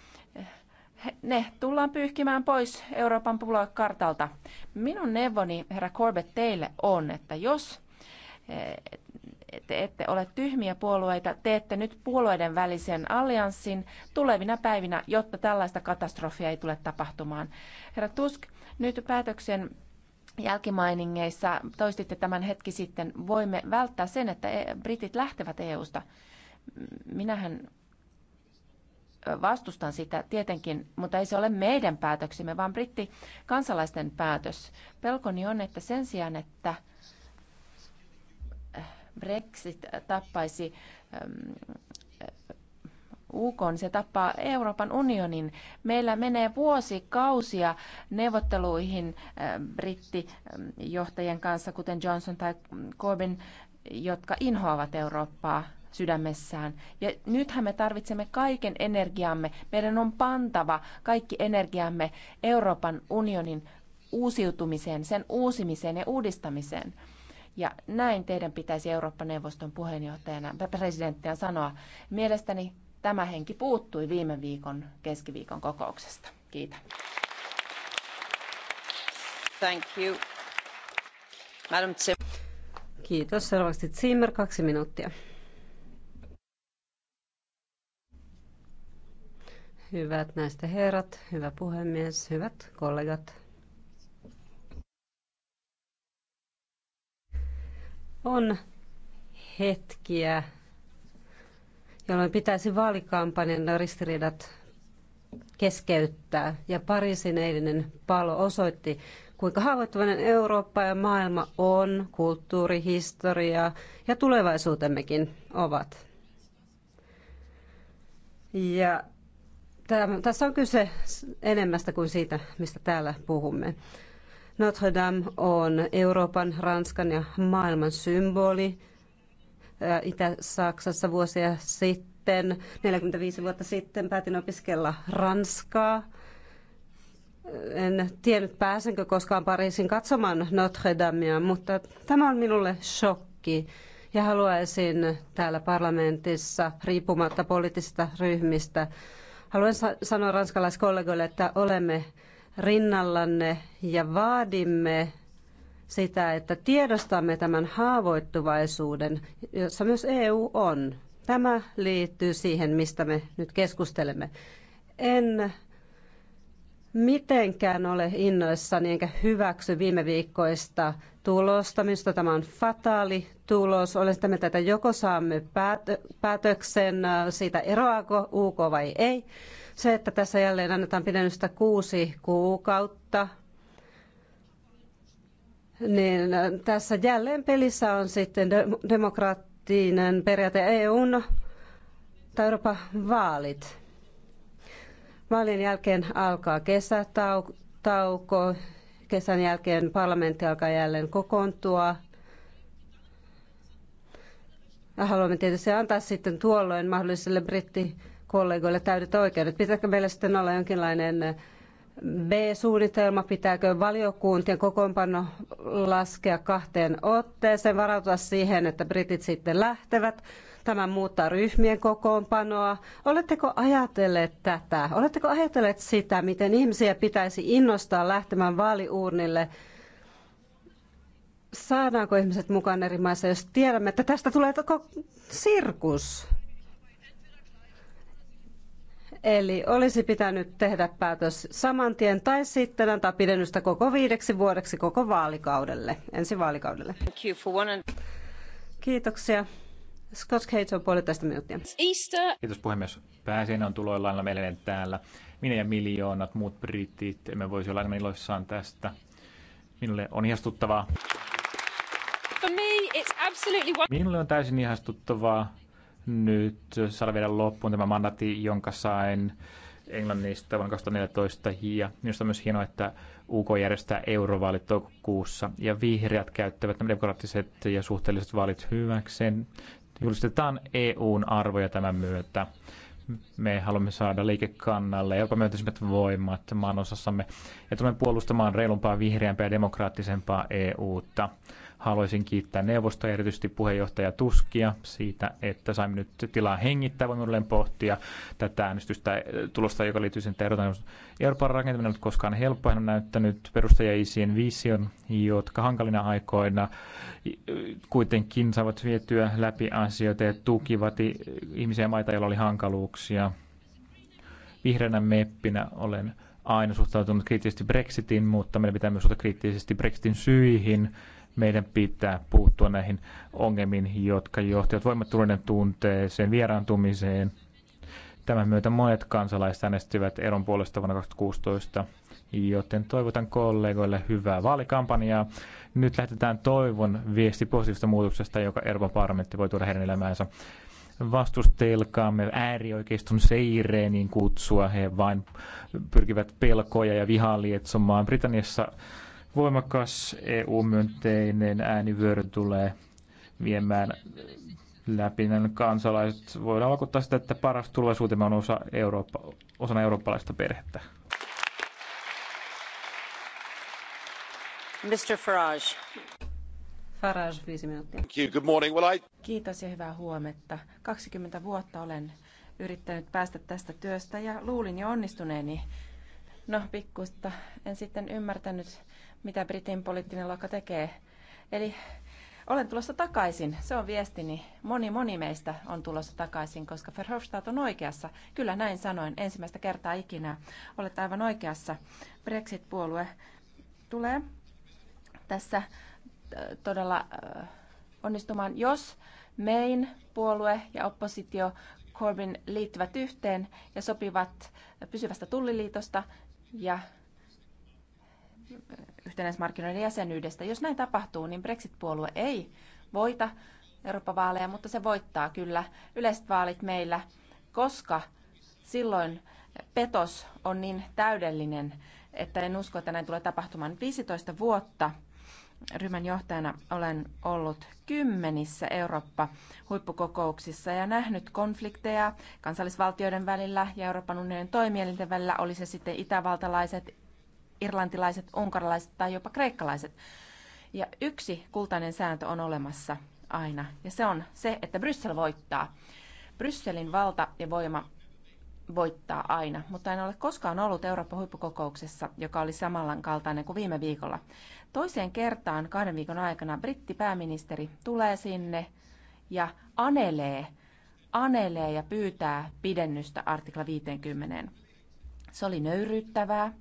ne tullaan pyyhkimään pois Euroopan puoluekartalta. Minun neuvoni, herra Corbett, teille on, että jos te ette ole tyhmiä puolueita, teette nyt puolueiden välisen allianssin tulevina päivinä, jotta tällaista katastrofia ei tule tapahtumaan. Herra Tusk, nyt päätöksen jälkimainingeissa toistitte tämän hetki sitten, voimme välttää sen, että e- britit lähtevät EUsta. Minähän vastustan sitä tietenkin, mutta ei se ole meidän päätöksimme vaan britti kansalaisten päätös. Pelkoni on, että sen sijaan, että Brexit tappaisi UK, niin se tappaa Euroopan unionin. Meillä menee vuosikausia neuvotteluihin brittijohtajien kanssa, kuten Johnson tai Corbyn, jotka inhoavat Eurooppaa sydämessään. Ja nythän me tarvitsemme kaiken energiamme. Meidän on pantava kaikki energiamme Euroopan unionin uusiutumiseen, sen uusimiseen ja uudistamiseen. Ja näin teidän pitäisi Eurooppa-neuvoston puheenjohtajana, presidenttiä sanoa. Mielestäni tämä henki puuttui viime viikon keskiviikon kokouksesta. Kiitän. Thank you. Madam Kiitos. Seuraavaksi Zimmer, kaksi minuuttia. Hyvät näistä herrat, hyvä puhemies, hyvät kollegat. On hetkiä, jolloin pitäisi vaalikampanjan ristiriidat keskeyttää. Ja Pariisin eilinen palo osoitti, kuinka haavoittuvainen Eurooppa ja maailma on, kulttuuri, historia ja tulevaisuutemmekin ovat. Ja tässä on kyse enemmästä kuin siitä, mistä täällä puhumme. Notre Dame on Euroopan, Ranskan ja maailman symboli. Itä-Saksassa vuosia sitten, 45 vuotta sitten, päätin opiskella Ranskaa. En tiennyt pääsenkö koskaan Pariisin katsomaan Notre Damea, mutta tämä on minulle shokki ja haluaisin täällä parlamentissa, riippumatta poliittisista ryhmistä, haluan sanoa ranskalaiskollegoille, että olemme rinnallanne ja vaadimme sitä, että tiedostamme tämän haavoittuvaisuuden, jossa myös EU on. Tämä liittyy siihen, mistä me nyt keskustelemme. En mitenkään ole innoissani enkä hyväksy viime viikkoista tulosta. Minusta tämä on fataali tulos. Olen sitä mieltä, että joko saamme päätöksen äh, siitä eroako UK vai ei, se, että tässä jälleen annetaan pidennystä kuusi kuukautta, niin äh, tässä jälleen pelissä on sitten demokraattinen periaate EUn tai Euroopan vaalit. Vaalien jälkeen alkaa kesätauko, kesän jälkeen parlamentti alkaa jälleen kokoontua. Haluamme tietysti antaa sitten tuolloin mahdolliselle britti kollegoille täydet oikeudet. Pitääkö meillä sitten olla jonkinlainen B-suunnitelma, pitääkö valiokuntien kokoonpano laskea kahteen otteeseen, varautua siihen, että britit sitten lähtevät. Tämä muuttaa ryhmien kokoonpanoa. Oletteko ajatelleet tätä? Oletteko ajatelleet sitä, miten ihmisiä pitäisi innostaa lähtemään vaaliuurnille? Saadaanko ihmiset mukaan eri maissa, jos tiedämme, että tästä tulee sirkus? Eli olisi pitänyt tehdä päätös saman tien tai sitten antaa pidennystä koko viideksi vuodeksi koko vaalikaudelle, ensi vaalikaudelle. Kiitoksia. Scott Cage on puolitoista minuuttia. Easter. Kiitos puhemies. Pääsiäinen on tuloillaan meille täällä. Minä ja miljoonat muut britit emme voisi olla enemmän iloissaan tästä. Minulle on ihastuttavaa. Minulle on täysin ihastuttavaa nyt saada vielä loppuun tämä mandati, jonka sain Englannista vuonna 2014. Ja minusta on myös hienoa, että UK järjestää eurovaalit toukokuussa ja vihreät käyttävät nämä demokraattiset ja suhteelliset vaalit hyväkseen. Julistetaan EUn arvoja tämän myötä. Me haluamme saada liikekannalle ja jopa myöntäisimmät voimat osassamme. ja tulemme puolustamaan reilumpaa, vihreämpää ja demokraattisempaa EUta. Haluaisin kiittää neuvostoa, erityisesti puheenjohtaja Tuskia siitä, että saimme nyt tilaa hengittää. Voimme uudelleen pohtia tätä äänestystä eh, tulosta, joka liittyy sen terveyden. Euroopan rakentaminen on koskaan helppo, Hän on näyttänyt perustajaisien vision, jotka hankalina aikoina eh, kuitenkin saivat vietyä läpi asioita ja tukivat eh, ihmisiä maita, joilla oli hankaluuksia. Vihreänä meppinä olen aina suhtautunut kriittisesti Brexitin, mutta meidän pitää myös suhtautua kriittisesti Brexitin syihin meidän pitää puuttua näihin ongelmiin, jotka johtavat voimattuuden tunteeseen, vieraantumiseen. Tämän myötä monet kansalaiset äänestivät eron puolesta vuonna 2016, joten toivotan kollegoille hyvää vaalikampanjaa. Nyt lähetetään toivon viesti positiivisesta muutoksesta, joka Euroopan parlamentti voi tuoda heidän elämäänsä vastustelkaamme äärioikeiston seireen kutsua. He vain pyrkivät pelkoja ja vihaa lietsomaan. Britanniassa voimakas EU-myönteinen äänivyöry tulee viemään läpi. näin kansalaiset voidaan alkuttaa sitä, että paras tulevaisuutemme on osa Eurooppa, osana eurooppalaista perhettä. Mr. Farage. Farage, viisi minuuttia. Good morning. Well, I... Kiitos ja hyvää huomenta. 20 vuotta olen yrittänyt päästä tästä työstä ja luulin jo onnistuneeni. No, pikkuista en sitten ymmärtänyt, mitä Britin poliittinen luokka tekee. Eli olen tulossa takaisin, se on viestini. Moni moni meistä on tulossa takaisin, koska Verhofstadt on oikeassa. Kyllä näin sanoin, ensimmäistä kertaa ikinä. Olet aivan oikeassa. Brexit-puolue tulee tässä äh, todella äh, onnistumaan, jos Main puolue ja oppositio Corbyn liittyvät yhteen ja sopivat äh, pysyvästä tulliliitosta ja yhtenäismarkkinoiden jäsenyydestä. Jos näin tapahtuu, niin Brexit-puolue ei voita Euroopan vaaleja, mutta se voittaa kyllä yleiset vaalit meillä, koska silloin petos on niin täydellinen, että en usko, että näin tulee tapahtumaan. 15 vuotta ryhmän johtajana olen ollut kymmenissä Eurooppa-huippukokouksissa ja nähnyt konflikteja kansallisvaltioiden välillä ja Euroopan unionin toimielinten välillä, oli se sitten itävaltalaiset, irlantilaiset, unkarilaiset tai jopa kreikkalaiset. Ja yksi kultainen sääntö on olemassa aina, ja se on se, että Bryssel voittaa. Brysselin valta ja voima voittaa aina, mutta en ole koskaan ollut Euroopan huippukokouksessa, joka oli samallan kaltainen kuin viime viikolla. Toiseen kertaan kahden viikon aikana brittipääministeri tulee sinne ja anelee, anelee ja pyytää pidennystä artikla 50. Se oli nöyryyttävää,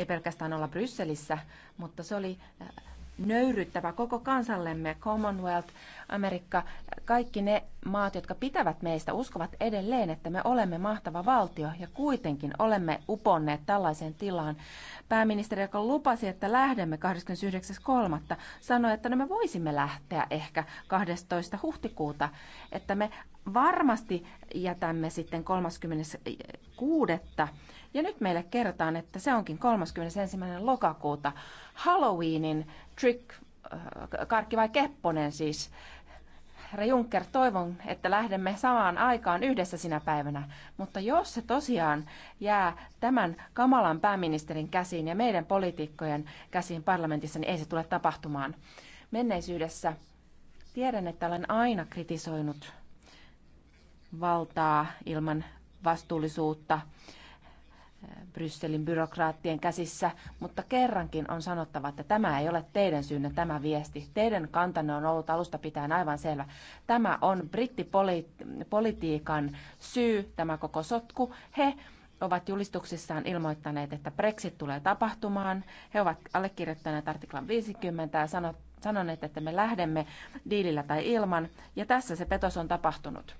ei pelkästään olla Brysselissä, mutta se oli äh, nöyryttävä koko kansallemme, Commonwealth, Amerikka, kaikki ne maat, jotka pitävät meistä, uskovat edelleen, että me olemme mahtava valtio ja kuitenkin olemme uponneet tällaiseen tilaan. Pääministeri, joka lupasi, että lähdemme 29.3., sanoi, että no me voisimme lähteä ehkä 12. huhtikuuta, että me varmasti jätämme sitten 36 ja nyt meille kerrotaan, että se onkin 31. lokakuuta Halloweenin trick, äh, karkki vai kepponen siis. Herra Juncker, toivon, että lähdemme samaan aikaan yhdessä sinä päivänä, mutta jos se tosiaan jää tämän kamalan pääministerin käsiin ja meidän poliitikkojen käsiin parlamentissa, niin ei se tule tapahtumaan. Menneisyydessä tiedän, että olen aina kritisoinut valtaa ilman vastuullisuutta Brysselin byrokraattien käsissä, mutta kerrankin on sanottava, että tämä ei ole teidän syynne tämä viesti. Teidän kantanne on ollut alusta pitäen aivan selvä. Tämä on brittipolitiikan syy, tämä koko sotku. He ovat julistuksissaan ilmoittaneet, että Brexit tulee tapahtumaan. He ovat allekirjoittaneet artiklan 50 ja sanoneet, että me lähdemme diilillä tai ilman. Ja tässä se petos on tapahtunut.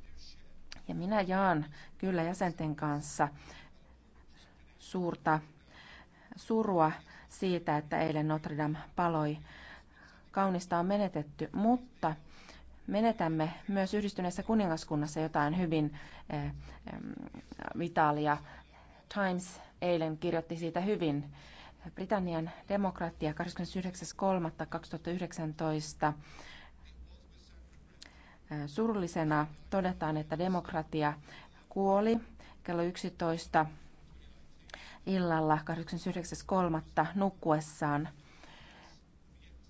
Ja minä jaan kyllä jäsenten kanssa suurta surua siitä, että eilen Notre Dame paloi. Kaunista on menetetty, mutta menetämme myös yhdistyneessä kuningaskunnassa jotain hyvin eh, vitalia. Times eilen kirjoitti siitä hyvin. Britannian demokratia 29.3.2019 eh, surullisena todetaan, että demokratia kuoli kello 11 illalla 29.3. nukkuessaan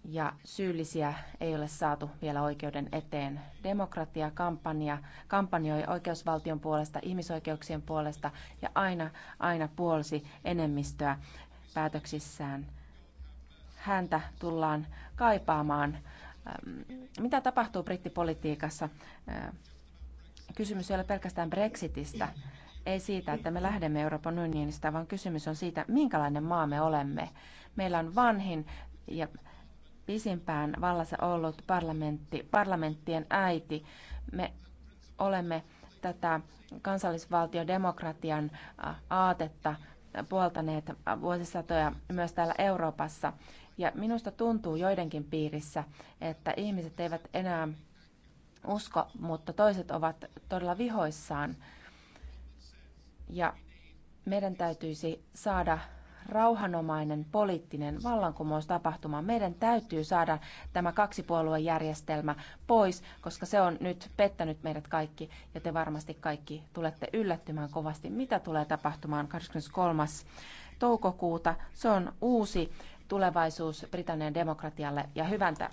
ja syyllisiä ei ole saatu vielä oikeuden eteen. Demokratiakampanja kampanjoi oikeusvaltion puolesta, ihmisoikeuksien puolesta ja aina, aina puolsi enemmistöä päätöksissään. Häntä tullaan kaipaamaan. Ähm, mitä tapahtuu brittipolitiikassa? Äh, kysymys ei ole pelkästään Brexitistä ei siitä, että me lähdemme Euroopan unionista, vaan kysymys on siitä, minkälainen maa me olemme. Meillä on vanhin ja pisimpään vallassa ollut parlamentti, parlamenttien äiti. Me olemme tätä kansallisvaltiodemokratian aatetta puoltaneet vuosisatoja myös täällä Euroopassa. Ja minusta tuntuu joidenkin piirissä, että ihmiset eivät enää usko, mutta toiset ovat todella vihoissaan. Ja meidän täytyisi saada rauhanomainen poliittinen vallankumous tapahtumaan. Meidän täytyy saada tämä kaksipuoluejärjestelmä pois, koska se on nyt pettänyt meidät kaikki ja te varmasti kaikki tulette yllättymään kovasti, mitä tulee tapahtumaan 23. toukokuuta. Se on uusi tulevaisuus Britannian demokratialle ja hyväntä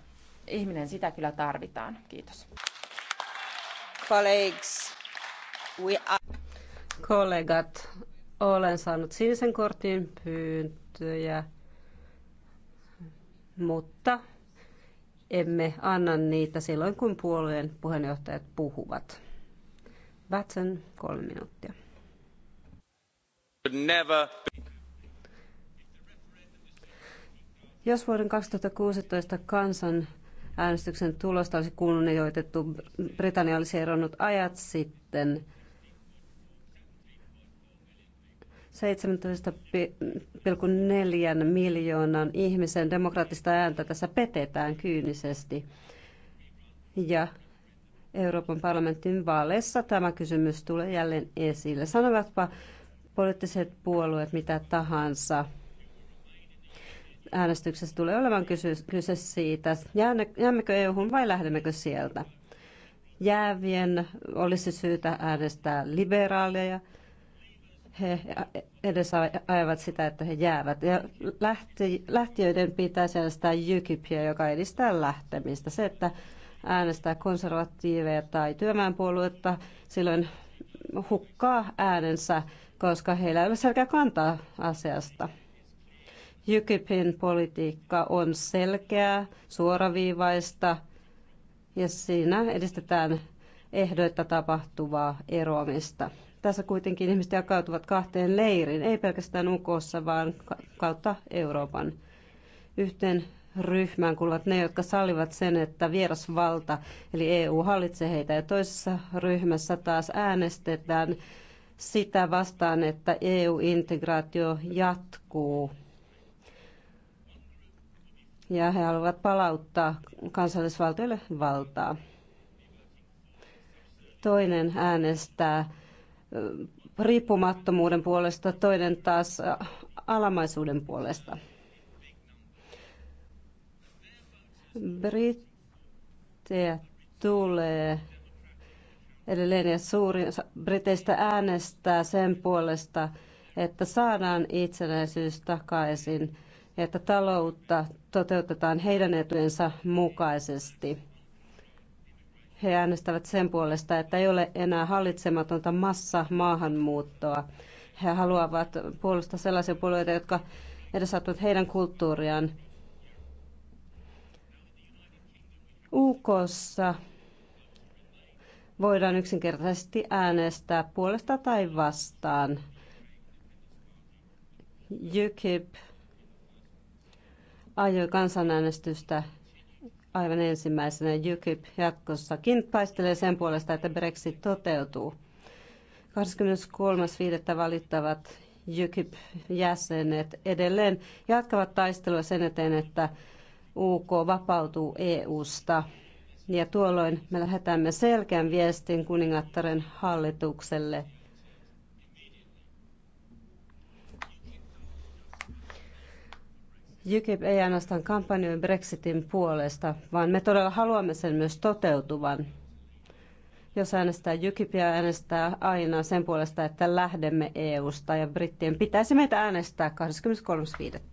ihminen sitä kyllä tarvitaan. Kiitos. Colleagues, we are. Kollegat, olen saanut sinisen kortin pyyntöjä, mutta emme anna niitä silloin, kun puolueen puheenjohtajat puhuvat. Batsen kolme minuuttia. Jos vuoden 2016 kansan äänestyksen tulosta olisi kunnioitettu, Britannia olisi eronnut ajat sitten – 17,4 miljoonan ihmisen demokraattista ääntä tässä petetään kyynisesti. Ja Euroopan parlamentin vaaleissa tämä kysymys tulee jälleen esille. Sanovatpa poliittiset puolueet mitä tahansa. Äänestyksessä tulee olevan kyse siitä, jäämmekö eu vai lähdemmekö sieltä. Jäävien olisi syytä äänestää liberaaleja he edesajavat sitä, että he jäävät. Ja lähtiöiden pitää sitä jykypiä, joka edistää lähtemistä. Se, että äänestää konservatiiveja tai työväenpuoluetta, silloin hukkaa äänensä, koska heillä ei ole selkeä kantaa asiasta. Jykipin politiikka on selkeää, suoraviivaista ja siinä edistetään ehdoitta tapahtuvaa eroamista. Tässä kuitenkin ihmiset jakautuvat kahteen leiriin, ei pelkästään UKssa, vaan kautta Euroopan. Yhteen ryhmään kuuluvat ne, jotka sallivat sen, että vierasvalta, eli EU hallitsee heitä. Ja toisessa ryhmässä taas äänestetään sitä vastaan, että EU-integraatio jatkuu. Ja he haluavat palauttaa kansallisvaltioille valtaa. Toinen äänestää riippumattomuuden puolesta, toinen taas alamaisuuden puolesta. Brittejä tulee edelleen ja suurin Briteistä äänestää sen puolesta, että saadaan itsenäisyys takaisin, että taloutta toteutetaan heidän etujensa mukaisesti. He äänestävät sen puolesta, että ei ole enää hallitsematonta massa maahanmuuttoa. He haluavat puolustaa sellaisia puolueita, jotka edesauttavat heidän kulttuuriaan. UKssa voidaan yksinkertaisesti äänestää puolesta tai vastaan. UKIP ajoi kansanäänestystä aivan ensimmäisenä UKIP jatkossakin taistelee sen puolesta, että Brexit toteutuu. 23.5. valittavat UKIP-jäsenet edelleen jatkavat taistelua sen eteen, että UK vapautuu EUsta. Ja tuolloin me lähetämme selkeän viestin kuningattaren hallitukselle – UKIP ei ainoastaan kampanjoi Brexitin puolesta, vaan me todella haluamme sen myös toteutuvan. Jos äänestää UKIPia, äänestää aina sen puolesta, että lähdemme EU-sta ja brittien pitäisi meitä äänestää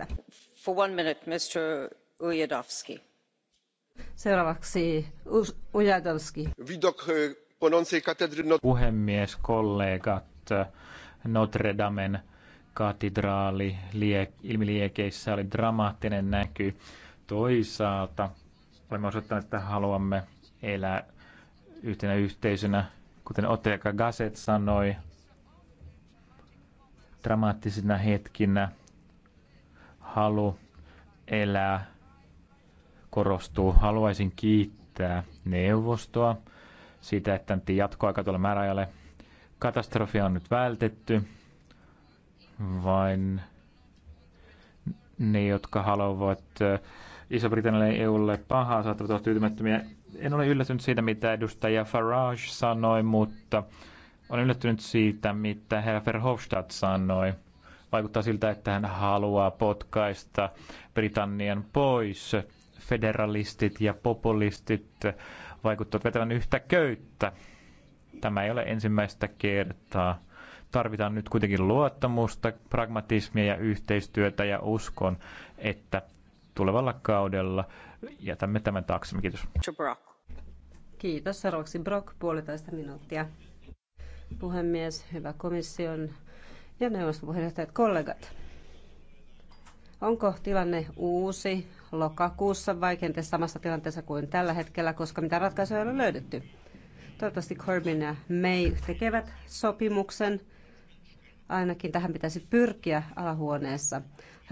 23.5. For one minute, Mr. Ujadowski. Seuraavaksi Ujadowski. Widok e, płonącej katedry... Puhemies, kollegat, Notre Damen katedraali lie, ilmiliekeissä oli dramaattinen näky. Toisaalta olemme osoittaneet, että haluamme elää yhtenä yhteisönä, kuten Oteka Gasset sanoi, dramaattisina hetkinä halu elää korostuu. Haluaisin kiittää neuvostoa siitä, että jatkoaika tuolla määräajalle. Katastrofia on nyt vältetty vain ne, jotka haluavat Iso-Britannialle EUlle pahaa, saattavat olla tyytymättömiä. En ole yllättynyt siitä, mitä edustaja Farage sanoi, mutta olen yllättynyt siitä, mitä herra Verhofstadt sanoi. Vaikuttaa siltä, että hän haluaa potkaista Britannian pois. Federalistit ja populistit vaikuttavat vetävän yhtä köyttä. Tämä ei ole ensimmäistä kertaa tarvitaan nyt kuitenkin luottamusta, pragmatismia ja yhteistyötä ja uskon, että tulevalla kaudella jätämme tämän taakse. Kiitos. Kiitos. Seuraavaksi Brock, puolitoista minuuttia. Puhemies, hyvä komission ja puheenjohtajat, kollegat. Onko tilanne uusi lokakuussa vai kenties samassa tilanteessa kuin tällä hetkellä, koska mitä ratkaisuja ei ole löydetty? Toivottavasti Corbyn ja May tekevät sopimuksen – ainakin tähän pitäisi pyrkiä alahuoneessa.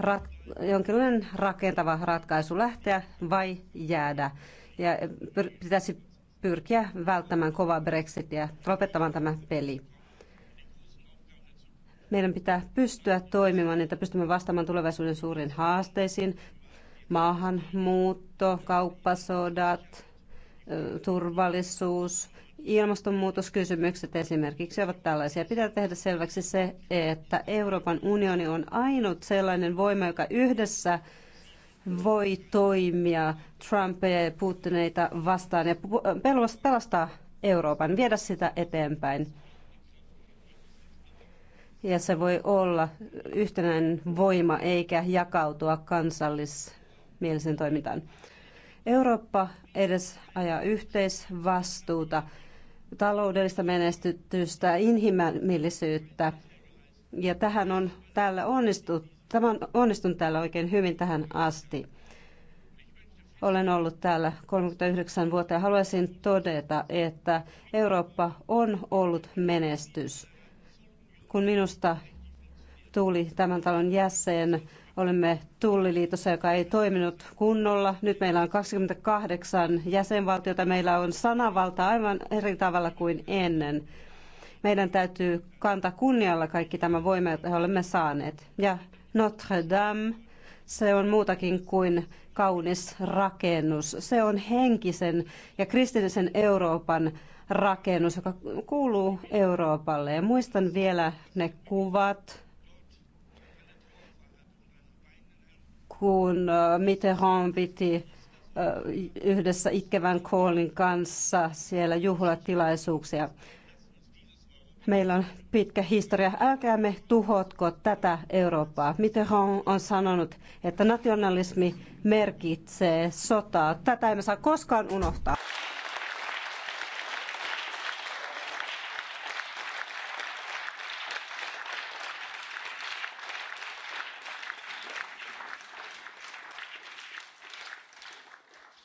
Rat- jonkinlainen rakentava ratkaisu lähteä vai jäädä. Ja pyr- pitäisi pyrkiä välttämään kovaa Brexitiä, lopettamaan tämä peli. Meidän pitää pystyä toimimaan, että pystymme vastaamaan tulevaisuuden suuriin haasteisiin. Maahanmuutto, kauppasodat, turvallisuus Ilmastonmuutoskysymykset esimerkiksi ovat tällaisia. Pitää tehdä selväksi se, että Euroopan unioni on ainut sellainen voima, joka yhdessä voi toimia Trumpia ja Putineita vastaan ja pelastaa Euroopan, viedä sitä eteenpäin. Ja se voi olla yhtenäinen voima eikä jakautua kansallismielisen toimintaan. Eurooppa edes ajaa yhteisvastuuta taloudellista menestystä, inhimillisyyttä. Ja tähän on täällä onnistut, tämä on onnistunut täällä oikein hyvin tähän asti. Olen ollut täällä 39 vuotta ja haluaisin todeta, että Eurooppa on ollut menestys. Kun minusta tuli tämän talon jäsen, Olemme tulliliitossa, joka ei toiminut kunnolla. Nyt meillä on 28 jäsenvaltiota. Meillä on sananvalta aivan eri tavalla kuin ennen. Meidän täytyy kantaa kunnialla kaikki tämä voima, jota olemme saaneet. Ja Notre Dame, se on muutakin kuin kaunis rakennus. Se on henkisen ja kristillisen Euroopan rakennus, joka kuuluu Euroopalle. Ja muistan vielä ne kuvat, kun Mitterrand piti yhdessä Ikkevän koolin kanssa siellä juhlatilaisuuksia. Meillä on pitkä historia. Älkäämme tuhotko tätä Eurooppaa. Mitterrand on sanonut, että nationalismi merkitsee sotaa. Tätä emme saa koskaan unohtaa.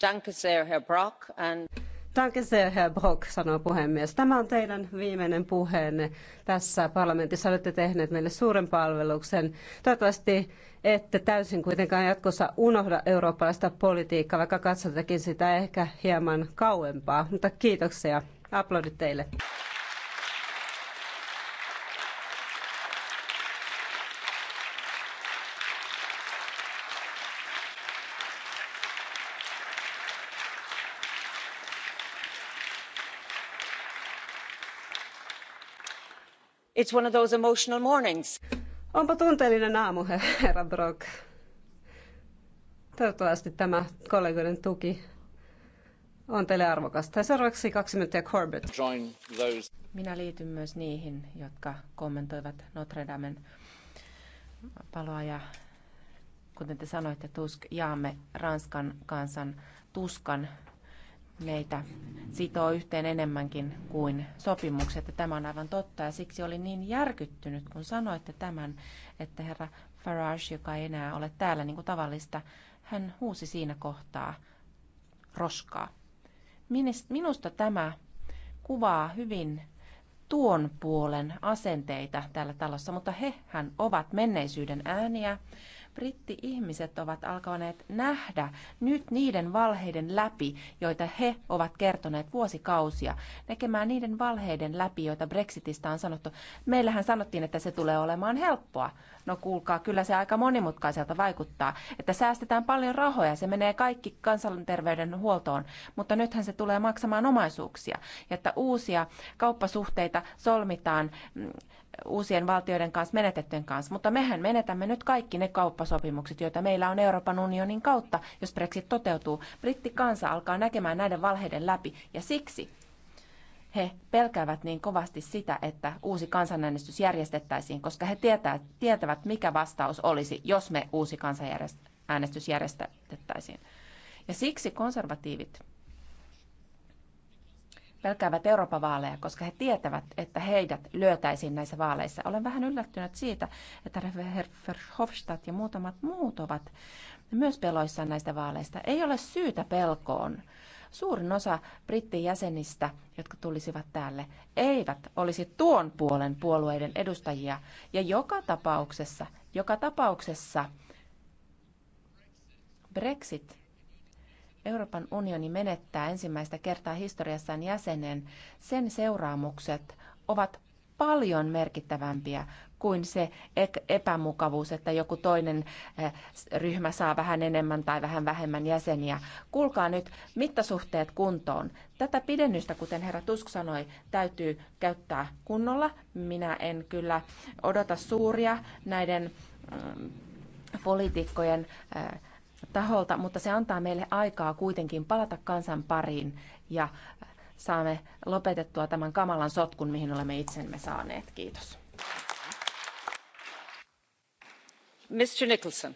Danke sehr, Herr Brock, sanoo puhemies. Tämä on teidän viimeinen puheenne tässä parlamentissa. Olette tehneet meille suuren palveluksen. Toivottavasti ette täysin kuitenkaan jatkossa unohda eurooppalaista politiikkaa, vaikka katsottekin sitä ehkä hieman kauempaa. Mutta kiitoksia. Aplodit teille. It's one of those emotional mornings. Onpa tunteellinen aamu, herra Brock. Toivottavasti tämä kollegoiden tuki on teille arvokasta. Ja seuraavaksi kaksi minuuttia Corbett. Minä liityn myös niihin, jotka kommentoivat Notre Damen paloa ja kuten te sanoitte, tusk, jaamme Ranskan kansan tuskan meitä sitoo yhteen enemmänkin kuin sopimukset. Ja tämä on aivan totta ja siksi olin niin järkyttynyt, kun sanoitte tämän, että herra Farage, joka ei enää ole täällä niin kuin tavallista, hän huusi siinä kohtaa roskaa. Minusta tämä kuvaa hyvin tuon puolen asenteita täällä talossa, mutta hehän ovat menneisyyden ääniä britti-ihmiset ovat alkaneet nähdä nyt niiden valheiden läpi, joita he ovat kertoneet vuosikausia, näkemään niiden valheiden läpi, joita Brexitistä on sanottu. Meillähän sanottiin, että se tulee olemaan helppoa. No kuulkaa, kyllä se aika monimutkaiselta vaikuttaa, että säästetään paljon rahoja, se menee kaikki kansanterveydenhuoltoon, mutta nythän se tulee maksamaan omaisuuksia, ja että uusia kauppasuhteita solmitaan mm, uusien valtioiden kanssa, menetettyjen kanssa, mutta mehän menetämme nyt kaikki ne kauppasopimukset, joita meillä on Euroopan unionin kautta, jos Brexit toteutuu. Brittikansa alkaa näkemään näiden valheiden läpi ja siksi he pelkäävät niin kovasti sitä, että uusi kansanäänestys järjestettäisiin, koska he tietää, tietävät, mikä vastaus olisi, jos me uusi kansanäänestys järjestettäisiin. Ja siksi konservatiivit pelkäävät Euroopan vaaleja, koska he tietävät, että heidät lyötäisiin näissä vaaleissa. Olen vähän yllättynyt siitä, että Verhofstadt ja muutamat muut ovat myös peloissaan näistä vaaleista. Ei ole syytä pelkoon. Suurin osa jäsenistä, jotka tulisivat tälle, eivät olisi tuon puolen puolueiden edustajia. Ja joka tapauksessa, joka tapauksessa Brexit Euroopan unioni menettää ensimmäistä kertaa historiassaan jäsenen, sen seuraamukset ovat paljon merkittävämpiä kuin se epämukavuus, että joku toinen eh, ryhmä saa vähän enemmän tai vähän vähemmän jäseniä. Kuulkaa nyt mittasuhteet kuntoon. Tätä pidennystä, kuten herra Tusk sanoi, täytyy käyttää kunnolla. Minä en kyllä odota suuria näiden mm, poliitikkojen äh, taholta, mutta se antaa meille aikaa kuitenkin palata kansan pariin ja saamme lopetettua tämän kamalan sotkun, mihin olemme itsemme saaneet. Kiitos. Mr. Nicholson.